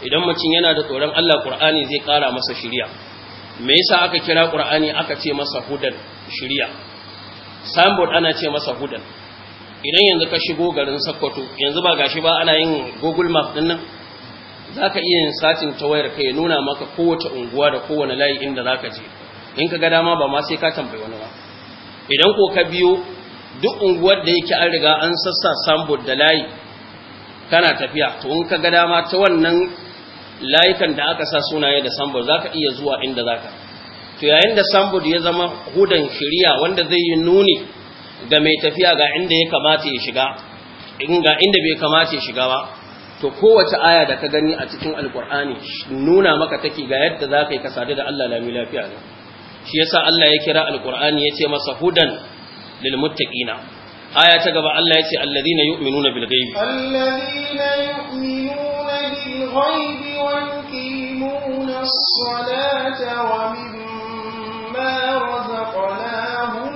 idan mutum yana da tsoron Allah Qur'ani zai kara masa shiriya me yasa aka kira qur'ani aka ce masa hudan shiriya sambod ana ce masa hudan idan yanzu ka shigo garin Sakkwato, yanzu ba gashi ba ana yin Google Map din nan zaka iya yin satin ta wayar kai ya nuna maka kowace unguwa da kowane layi inda zaka je in ka ga dama ba ma sai ka tambayi wani ba idan ko ka biyo duk unguwar da yake an riga an sassa sambod da layi kana tafiya to in ka ga dama ta wannan layukan da aka sa sunaye da sambo za ka iya zuwa inda za ka to yayin da sambo ya zama hudan shiriya wanda zai yi nuni ga mai tafiya ga inda ya kamata ya shiga ga inda bai kamata ya shiga ba to kowace aya da ka gani a cikin alkur'ani nuna maka take ga yadda za ka yi ka sadu da allah lami lafiya ne shi yasa allah ya kira alkur'ani ya ce masa hudan lilmuttaqina aya ta gaba Allah ya ce alladhina yu'minuna bil ghaibi alladhina yu'minuna bil ghaibi wa yuqimuna as-salata wa mimma razaqnahum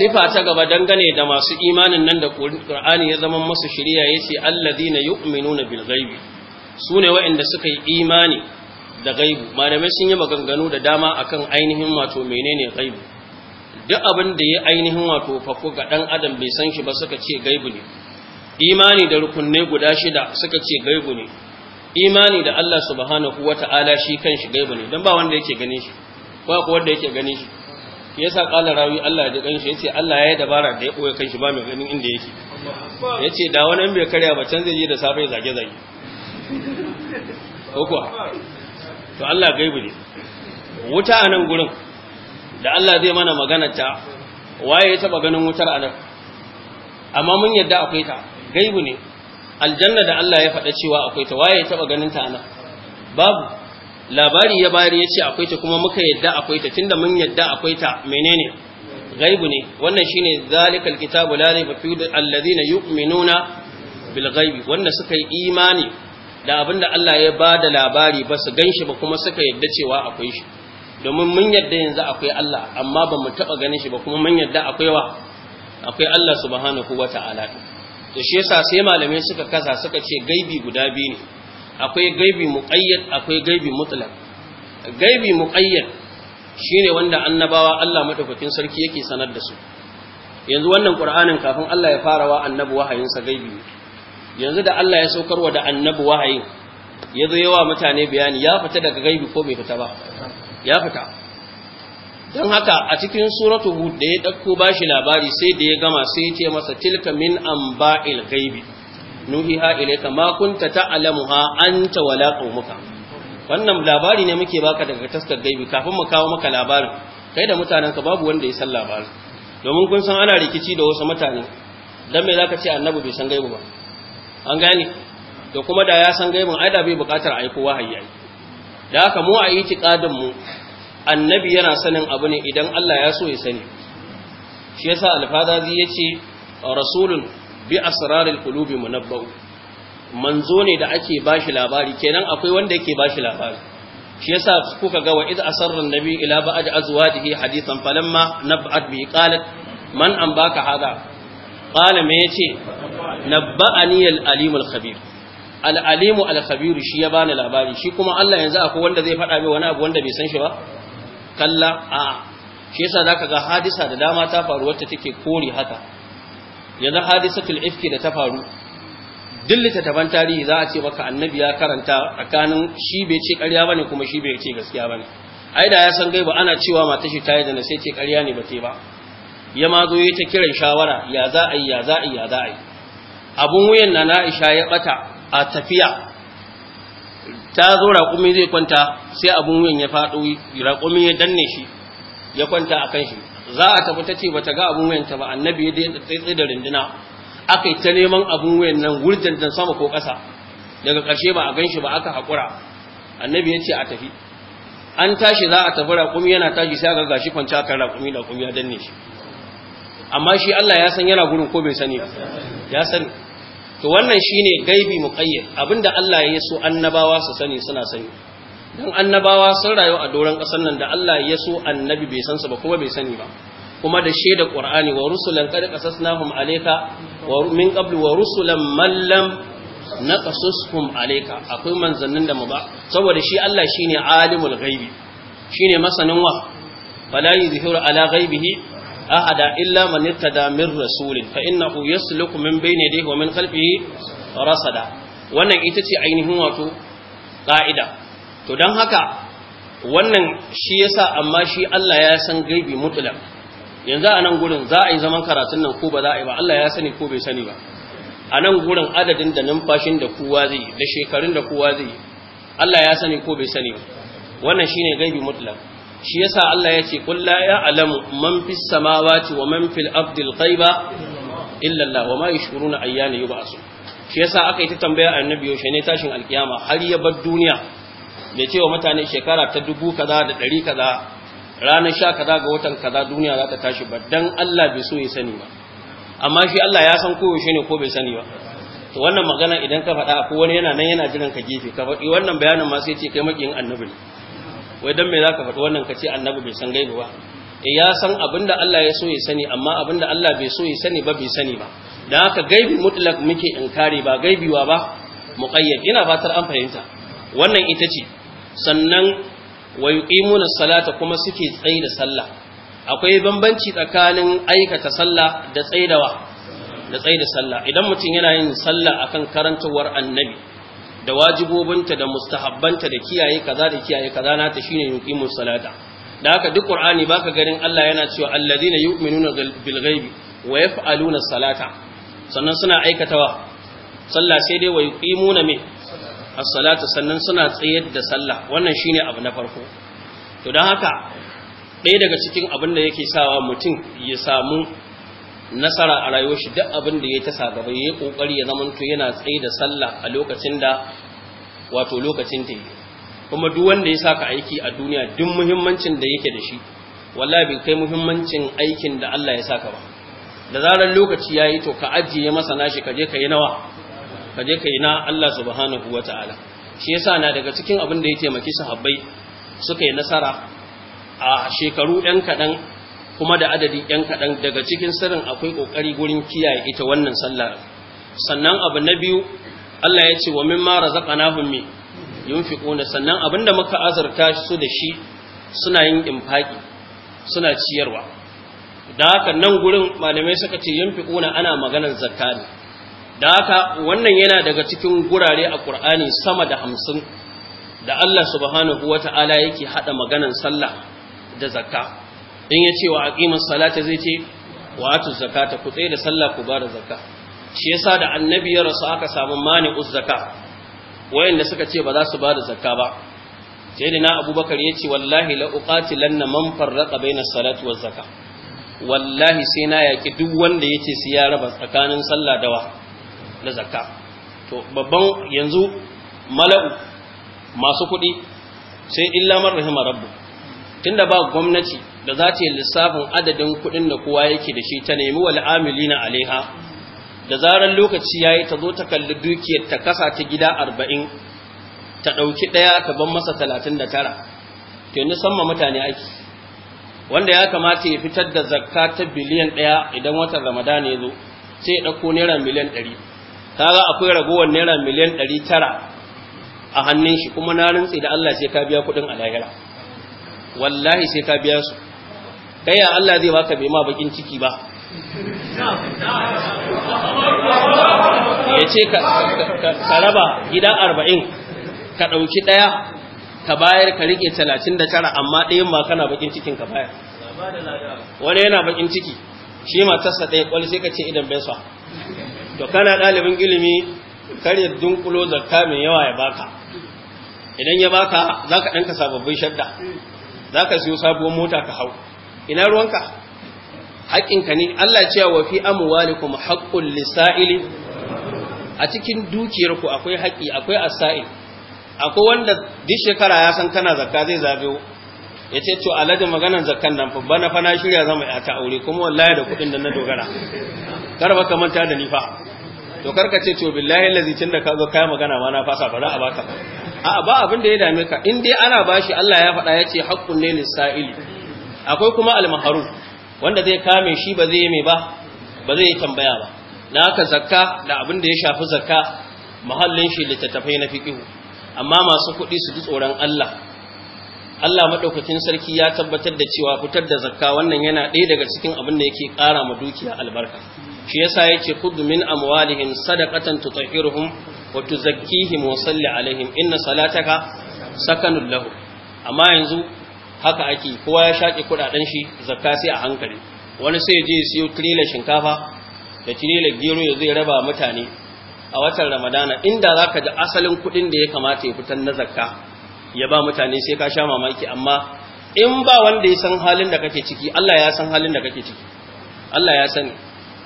sifa ta gaba dangane da masu imanin nan da Qur'ani ya zama musu shiriya yace alladhina yu'minuna bil ghaibi sune waɗanda suka yi imani da ghaibu malamai sun yi maganganu da dama akan ainihin wato menene ghaibu duk abin da ya ainihin wato fako ga ɗan adam bai san shi ba suka ce gaibu ne imani da rukunne guda shida suka ce gaibu ne imani da Allah subhanahu wata'ala shi kanshi gaibu ne don ba wanda yake ganin shi ba ku wanda yake ganin shi yasa kala rawi Allah ya shi? Ya yace Allah ya yi dabara da ya kan kanshi ba mai ganin inda yake yace da wani bai karya ba can zai je da safe zage zage ko kuwa to Allah gaibu ne wuta a nan gurin da Allah zai mana magana ta waye ya taba ganin wutar a nan amma mun yadda akwai ta gaibu ne aljanna da Allah ya faɗa cewa akwai ta waye ya taba ganin ta a nan babu labari ya bayar ya ce akwai ta kuma muka yadda akwai ta tunda mun yadda akwai ta menene gaibu ne wannan shine zalikal kitabu la rayba fi alladhina yu'minuna bil ghaibi wanda suka yi imani da abinda Allah ya bada labari ba su ganshi ba kuma suka yadda cewa akwai shi domin mun yadda yanzu akwai Allah amma ba mu taɓa ganin shi ba kuma mun yadda akwai wa akwai Allah subhanahu wa ta'ala to shi yasa sai malamai suka kasa suka ce gaibi guda biyu ne akwai gaibi muqayyad akwai gaibi mutlaq gaibi muqayyad shine wanda annabawa Allah madaukakin sarki yake sanar da su yanzu wannan qur'anin kafin Allah ya fara wa annabi wahayin sa gaibi yanzu da Allah ya saukar wa da annabi wahayin yazo yawa mutane bayani ya fita daga gaibi ko bai fita ba ya fita don haka a cikin suratu hud da ya ɗauko ba shi labari sai da ya gama sai ce masa tilka min an ba'il gaibi nuhiha ilaika ma kunta ta'lamuha anta wala qaumuka wannan labari ne muke baka daga taskar gaibi kafin mu kawo maka labarin kai da mutanen ka babu wanda ya san labarin domin kun san ana rikici da wasu mutane dan me zaka ce annabi bai san gaibi ba an gane to kuma da ya san gaibin ai da bai bukatar aiko wahayi da haka mu a yi mu annabi yana sanin abu ne idan Allah ya so ya sani shi yasa ya yace rasulun bi asraril qulubi munabbau manzo ne da ake bashi labari kenan akwai wanda yake bashi labari shi yasa kuka ga wa id asarra nabi ila ba'd azwajihi hadithan falamma nab'at bi qalat man an baka hada qala me yace nabba'ani al alim al khabir al'alimu al-khabiru shi ya bani labari shi kuma Allah yanzu akwai wanda zai faɗa mai wani abu wanda bai san shi ba kalla a shi yasa zaka ga hadisa da dama ta faru wacce take kore haka yanzu hadisatul ifki da ta faru ta taban tarihi za a ce maka annabi ya karanta tsakanin shi bai ce ƙarya bane kuma shi bai ce gaskiya bane ai da ya san gaiba ana cewa mata shi ta yadda na sai ce ƙarya ne ba te ba ya ma zo ya ta kiran shawara ya za ya za ya za a abun wuyan na na ya bata a tafiya ta zo raƙumi zai kwanta sai abun wuyan ya faɗo raƙumi ya danne shi ya kwanta a kan shi za a tafi ta ce bata ga abun ta ba annabi ya tsaye da rinduna aka yi ta neman abun wuyan nan gurjan dan sama ko ƙasa daga ƙarshe ba a gan shi ba aka haƙura annabi ya ce a tafi an tashi za a tafi raƙumi yana tashi sai a ga gashi kwanci akan raƙumi raƙumi ya danne shi amma shi Allah ya san yana gurin ko bai sani ya sani to wannan shine gaibi muqayyad abinda Allah ya so annabawa su sani suna sani dan annabawa sun rayu a doron ƙasar nan da Allah ya so annabi bai san su ba kuma bai sani ba kuma da shaida qur'ani wa rusulan qad qasasnahum alayka wa min qablu wa rusulan man lam naqasushum alayka akwai manzannin da mu ba saboda shi Allah shine alimul gaibi shine masanin wa fala yuzhiru ala ghaibihi ahada illa man ittada min rasulin fa innahu yasluku min bayni yadayhi wa min khalfihi rasada wannan ita ce ainihin wato ƙa'ida to don haka wannan shi ya sa amma shi Allah ya san gaibi mutlaq yanzu a nan gurin za a yi zaman karatun nan ko ba za a yi ba Allah ya sani ko bai sani ba a nan gurin adadin da numfashin da kowa zai yi da shekarun da kowa zai yi Allah ya sani ko bai sani ba wannan shi shine gaibi mutlaq shi yasa Allah ya ce qul la ya'lamu man fis samawati wa man fil ardi al ghaiba illa Allah wa ma yashuruna ayyana yub'asu shi yasa aka yi ta tambaya annabi yaushe ne tashin alkiyama har ya bar duniya ce cewa mutane shekara ta dubu kaza da ɗari kaza ranar sha kaza ga watan kaza duniya za ta tashi ba dan Allah bai so ya sani ba amma shi Allah ya san ko yaushe ne ko bai sani ba to wannan magana idan ka faɗa ko wani yana nan yana jiran ka gefe ka faɗi wannan bayanin ma sai ce kai makiyin annabi ne wai dan me zaka faɗi wannan kace annabi bai san gaibu ba eh, ya san abinda Allah ya so ya sani amma abinda Allah bai so ya sani ba bai sani ba Da haka gaibi mutlak muke inkari ba gaibiwa ba muqayyad ina fatar an fahimta wannan ita ce sannan wa yuqimuna salata kuma suke tsayi da sallah akwai bambanci tsakanin aikata sallah da tsaidawa da da sallah idan mutum yana yin sallah akan karantawar annabi da wajibobinta da mustahabbanta da kiyaye kaza da kiyaye kaza na ta shine yuqimus salata da haka duk qur'ani baka garin Allah yana cewa alladhina yu'minuna bil ghaibi wa yaf'aluna salata sannan suna aikatawa sallah sai dai wa yuqimuna me as-salata sannan suna tsayar da sallah wannan shine abu na farko to dan haka ɗaya daga cikin abin da yake sawa mutum ya samu nasara a rayuwar shi duk abin da ya ta sa gaba ya kokari ya zamanto yana tsaye da sallah a lokacin da wato lokacin ta yi kuma duk wanda ya saka aiki a duniya duk muhimmancin da yake da shi wallahi bai kai muhimmancin aikin da Allah ya saka ba da zarar lokaci ya yi to ka ajiye masa nashi ka je ka yi nawa ka je ka yi na Allah subhanahu wataala shi yasa na daga cikin abin da ya taimaki sahabbai suka yi nasara a shekaru ɗan kaɗan kuma da adadin ‘yan kaɗan daga cikin sirrin akwai ƙoƙari gurin kiyaye ita wannan sallar sannan abu na biyu Allah ya ce wa min mara zaƙa na yin sannan abin da muka azurta su da shi suna yin infaki suna ciyarwa da haka nan gurin malamai suka ce yin ana maganar zakka ne da haka wannan yana daga cikin gurare a ƙur'ani sama da hamsin da Allah subhanahu wata'ala yake haɗa maganar sallah da zakka in ya ce wa aqimus salata zai ce wa atu zakata ku tsaye da sallah ku ba da zakka shi yasa da annabi ya rasu aka samu mani uz zakka wayanda suka ce ba za su ba da zakka ba sai da na abubakar ya ce wallahi la uqatilanna man farraqa baina salati waz zakka wallahi sai na yaki duk wanda yace sai ya raba tsakanin sallah da wa da zakka to babban yanzu mala'u masu kuɗi sai illa marrahima rahima rabbuka Tun da ba gwamnati da za ta yi lissafin adadin kuɗin da kowa yake da shi ta nemi wal na alaiha da zarar lokaci ya yi ta zo ta kalli dukiyar ta kasa ta gida arba'in, ta ɗauki ɗaya ta ban masa talatin da tara, to nisan ma mutane aiki wanda ya kamata ya fitar da zakka ta biliyan ɗaya idan watan Ramadan ya zo sai ya ɗauko naira miliyan 100 kaga akwai ragowar naira miliyan ɗari tara a hannun shi kuma na rantsi da Allah sai ka biya kuɗin a lahira wallahi sai ka biya su kai ya Allah zai baka bai ma bakin ciki ba ya ce ka raba gida arba'in ka ɗauki ɗaya ka bayar ka riƙe talatin da tara amma ɗayan ma kana bakin cikin ka bayar wani yana bakin ciki shi matarsa ɗaya kwali sai ka ce idan bai sa to kana ɗalibin ilimi kar ya dunkulo zakka mai yawa ya baka idan ya baka za ka ɗanka sababbin shadda za ka siyo sabuwar mota ka hau ina ruwanka haƙinka ne Allah cewa wa fi amwalikum haƙƙun lisa'ili a cikin dukiyarku akwai haƙi akwai asa'il akwai wanda duk shekara ya san kana zakka zai zabe ya ce to alhaji maganan zakkan nan fa na shirya zama ya ta aure kuma wallahi da kuɗin da na dogara ba ka manta da ni fa to ka ce to billahi allazi tunda ka zo kai magana ma na fasa ba za a baka a ba abin da ya dame ka in dai ana bashi Allah ya faɗa ya ce haƙƙun ne lissa'ili akwai kuma almaharu wanda zai kame shi ba zai mai ba ba zai yi tambaya ba na haka zakka da abin da ya shafi zakka muhallin shi littattafai na ihu, amma masu kuɗi su ji tsoron Allah Allah madaukakin sarki ya tabbatar da cewa fitar da zakka wannan yana ɗaya daga cikin abin da yake ƙara ma dukiya albarka shi yasa yace kudu min amwalihim sadaqatan tutahhiruhum wa tuzakkihim wa salli alaihim inna salataka sakanul lahu amma yanzu haka ake kowa ya shaki kuɗaɗen shi zakka sai a hankali wani sai je siyo tirelar shinkafa da tirela gero ya zai raba mutane a watan ramadana inda za ka ji asalin kuɗin da ya kamata ya fitar na zakka ya ba mutane sai ka sha mamaki amma in ba wanda ya san halin da kake ciki Allah ya san halin da kake ciki Allah ya sani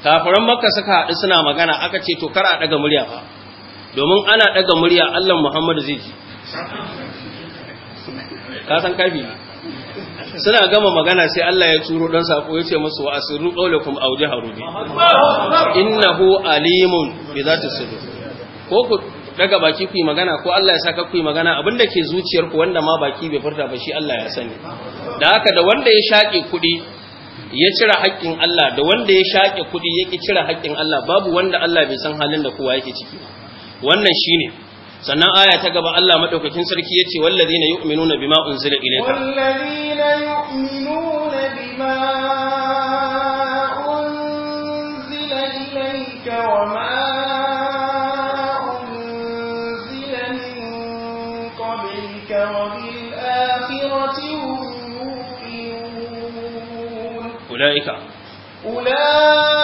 kafiran makka suka haɗu suna magana aka ce to kar a ɗaga murya fa domin ana daga murya Allah Muhammadu zai ji ka san kafi suna gama magana sai Allah ya turo dan sako ce musu wa asirru qawlakum aw jaharu bi hu alimun za ta sudur ko ku daga baki ku yi magana ko Allah ya saka ku yi magana abinda ke zuciyar ku wanda ma baki bai furta ba shi Allah ya sani da haka da wanda ya shaƙe kuɗi ya cire haƙƙin Allah da wanda ya shaƙe kuɗi ya ƙi cira haƙƙin Allah babu wanda Allah bai san halin da kowa yake ciki ba wannan shi ne. sannan aya ta gaba Allah maɗaukakin sarki ya ce, na wallazina yu'minuna bima unzila ilayka wallazina yu'minuna bima unzila ilayka ma unzila min qablika wa bil akhirati hum yuqinun ulaika ulaika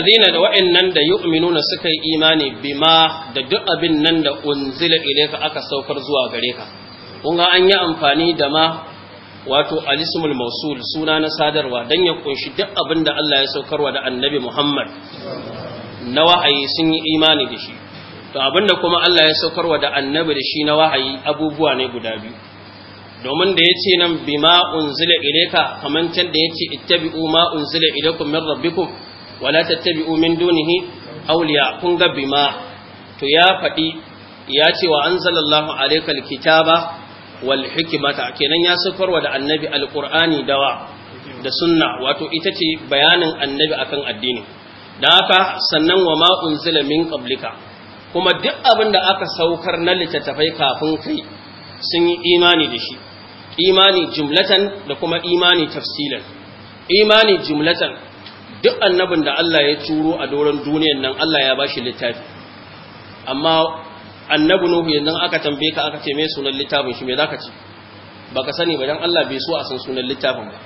wallazina da wa'annan da yu'minuna suka yi imani bima da duk abin nan da unzila ilayka aka saukar zuwa gare ka kun an yi amfani da ma wato alismul mausul suna na sadarwa dan ya kunshi duk abin da Allah ya saukarwa da annabi Muhammad na wahayi sun yi imani da shi to abinda kuma Allah ya saukarwa da annabi da shi na wahayi abubuwa ne guda biyu domin da yace nan bima unzila ilayka kaman can da yace ittabi'u ma unzila ilaykum min rabbikum wala tattabi'u min dunihi awliya kun ga bima to ya faɗi ya ce wa anzalallahu alaikal kitaba wal hikmata kenan ya sifarwa da annabi alqur'ani dawa da sunna wato ita ce bayanin annabi akan addini dan haka sannan wa ma unzila min qablika kuma duk abin da aka saukar na littattafai kafin kai sun yi imani da shi imani jumlatan da kuma imani tafsilan imani jumlatan duk annabin da Allah ya turo a doron duniyan nan Allah ya bashi littafi amma annabi Nuhu yanzu aka tambaye ka aka ce me sunan littafin shi me zaka ce baka sani ba dan Allah bai so a san sunan littafin ba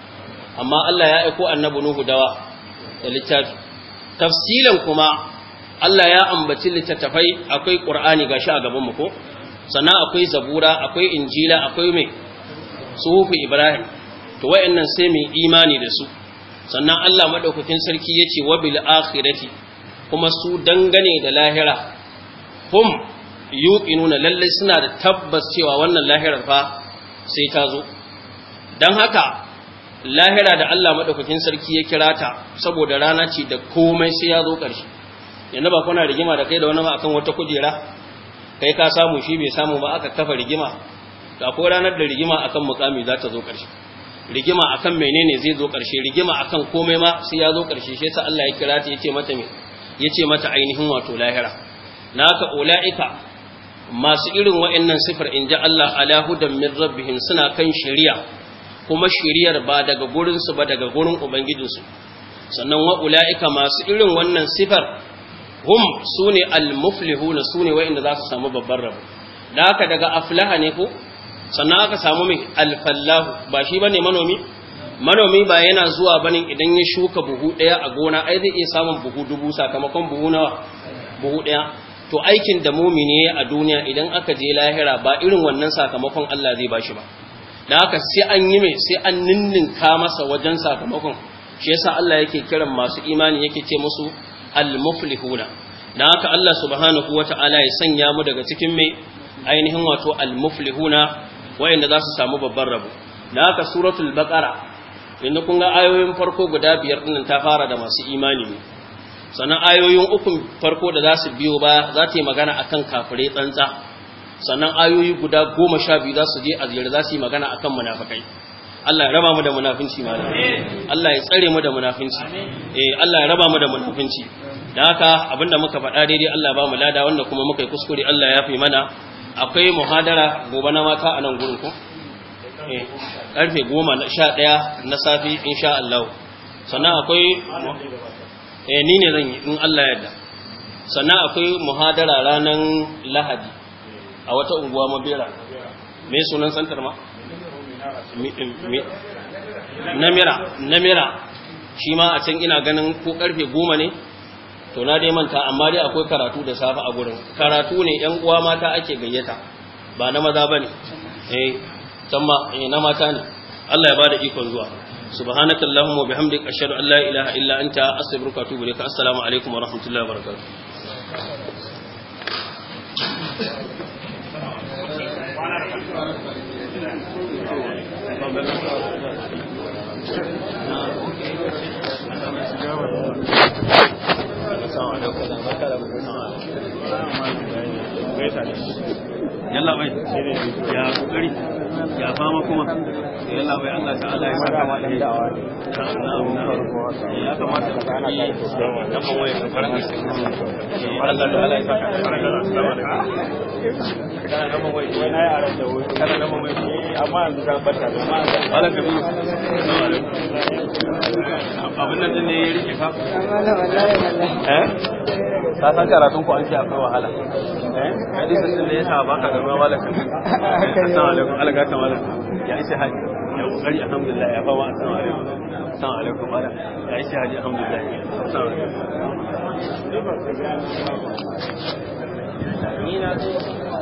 amma Allah ya aiko annabi Nuhu dawa da littafi tafsilan kuma Allah ya ambaci littattafai akwai Qur'ani gashi a gaban mu ko sannan akwai Zabura akwai Injila akwai me Suhufi Ibrahim to wayannan sai mu imani da su sannan Allah madaukakin sarki yace wa bil akhirati kuma su dangane da lahira hum yuqinuna lalle suna da tabbas cewa wannan lahirar fa sai ta zo dan haka lahira da Allah madaukakin sarki ya kira ta saboda rana ce da komai sai ya zo ƙarshe yanzu ba kuna rigima da kai da wani ba akan wata kujera kai ka samu shi bai samu ba aka kafa rigima da ko ranar da rigima akan mukami za ta zo ƙarshe rigima akan menene zai zo ƙarshe rigima akan komai ma sai ya zo ƙarshe shi sa Allah ya kira ta yace mata me yace mata ainihin wato lahira naka ulaika masu irin wa'annan sifar in ji Allah ala hudan min rabbihim suna kan shari'a kuma shari'ar ba daga gurin su ba daga gurin ubangijinsu sannan wa ulaika masu irin wannan sifar hum sune al-muflihuna sune wa'anda za su samu babban rabo da daga aflaha ne ko sannan aka samu mai alfallahu ba shi bane manomi manomi ba yana zuwa bane idan ya shuka buhu ɗaya a gona ai zai iya samun buhu dubu sakamakon buhu nawa buhu daya to aikin da mumini a duniya idan aka je lahira ba irin wannan sakamakon Allah zai bashi ba dan haka sai an yi mai sai an ninninka masa wajen sakamakon shi yasa Allah yake kiran masu imani yake ce musu al-muflihuna dan haka Allah subhanahu wata'ala ya sanya mu daga cikin mai ainihin wato al Wa'inda za su samu babban rabo da haka suratul baqara inda kun ga ayoyin farko guda biyar din ta fara da masu imani ne sannan ayoyin uku farko da za su biyo ba za ta yi magana akan kafirai tsantsa sannan ayoyi guda goma sha biyu za su je a ziyar za su yi magana akan munafikai Allah ya raba mu da munafinci malam Allah ya tsare mu da munafinci eh Allah ya raba mu da munafinci da haka abinda muka faɗa daidai Allah ba mu lada wanda kuma muka yi kuskure Allah ya fi mana akwai muhadara gobe na mata a nan gurin ko eh, karfe goma sha ɗaya na safi insha Allah sannan akwai eh ni ne zan yi in Allah yarda sannan akwai muhadara ranar lahadi a wata unguwa mabera me sunan santar ma eh, namira namira shi ma a can ina ganin ko karfe goma ne to na dai manta amma dai akwai karatu da safe a gurin karatu ne yan uwa mata ake gayyata ba na maza bane eh tamma eh, na mata ne Allah ya bada ikon zuwa subhanakallahumma wa bihamdika ashhadu an la ilaha illa anta astaghfiruka wa atubu ilaik assalamu alaikum wa rahmatullahi wa barakatuh Thank [LAUGHS] you. yalla bai ya kokari ya fama kuma sai Allah bai Allah ta ya saka wa ya kamata ka da ka fara Allah ya saka fara kana wai wai wai kana wai amma yanzu ka amma wala ka abin nan din ne ya rike eh san karatun ku an akwai wahala eh hadisin [LAUGHS] ne baka wala ka assalamu alaikum barka mala ya ishe haji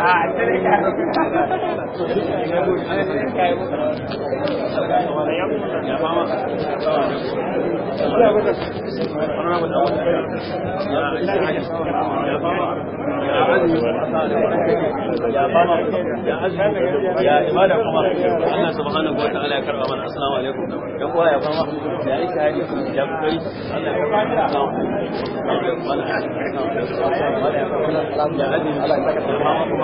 ya ibada Allah ya da da da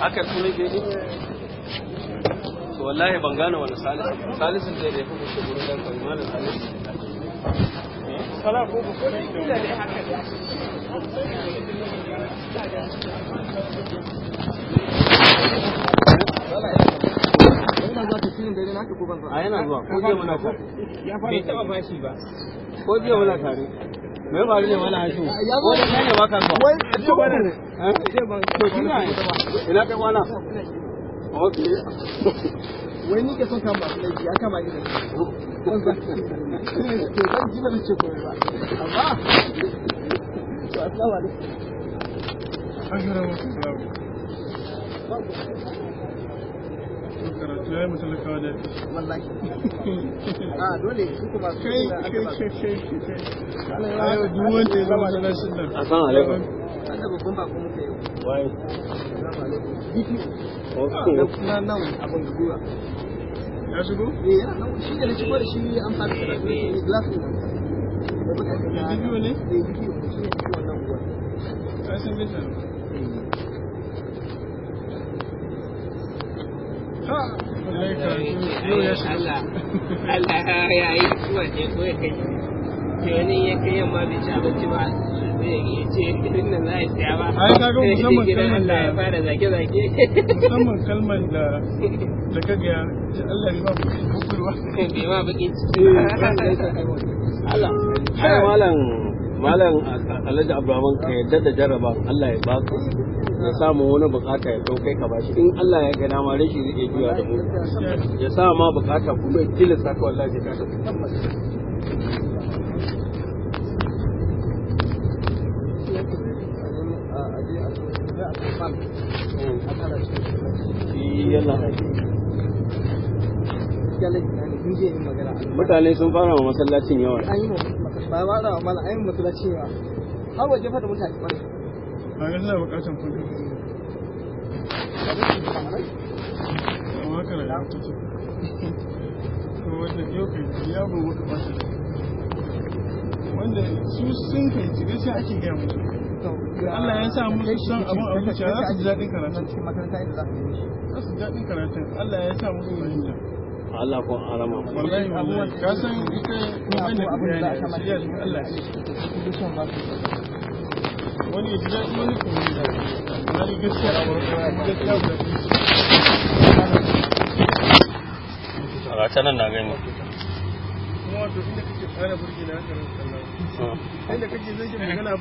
haka sunan ke yi to wallahi ban gane wani salisun salisun zai da ya fi kushe gurin dan da salisun ko ko jiya muna tare me ba ne wani hasu wani ne ne baka zuwa wai a ce bane ne eh? to shi ne ina kai okay wai ni ke son kan ba ne ya kama ni ban ji ce ko ba amma assalamu alaikum karatu ya mu talakawa da wallahi a [LAUGHS] ah, dole su kuma su kai kai kai kai eh, karatu Allah ya yi ciwon ne ko ya kai wani ya kai yamma bai ci abinci ba ya ce nan za a siya ba ai kaga musamman da ya fara zage zage musamman da da ya Allah ya ba mu bai ma ciki Allah malam Alhaji ka da jarraba Allah ya baka ya samu wani bukata ya kai ka bashi in Allah ya gana ma rashi zai juya da mu ya sa ma bukata kuma ya tilasta ka wallahi zai kasa mutane sun fara wa masallacin yawa ba da an yi masallacin yawa har waje fa da mutane a ga suna bukatar kudi amma kana da kuke to wanda yau kai ya bu maka ba wanda su sun kai ci gaskiya ake gaya musu Allah ya sa mu san abin a zuciya za su ji daɗin karatun za su ji daɗin karatun Allah ya sa musu fahimta Allah ko alama. Wallahi wallahi ka san ita kuma ne da ya Allah ya a ta nan na gani inda kake fara burgina haka nan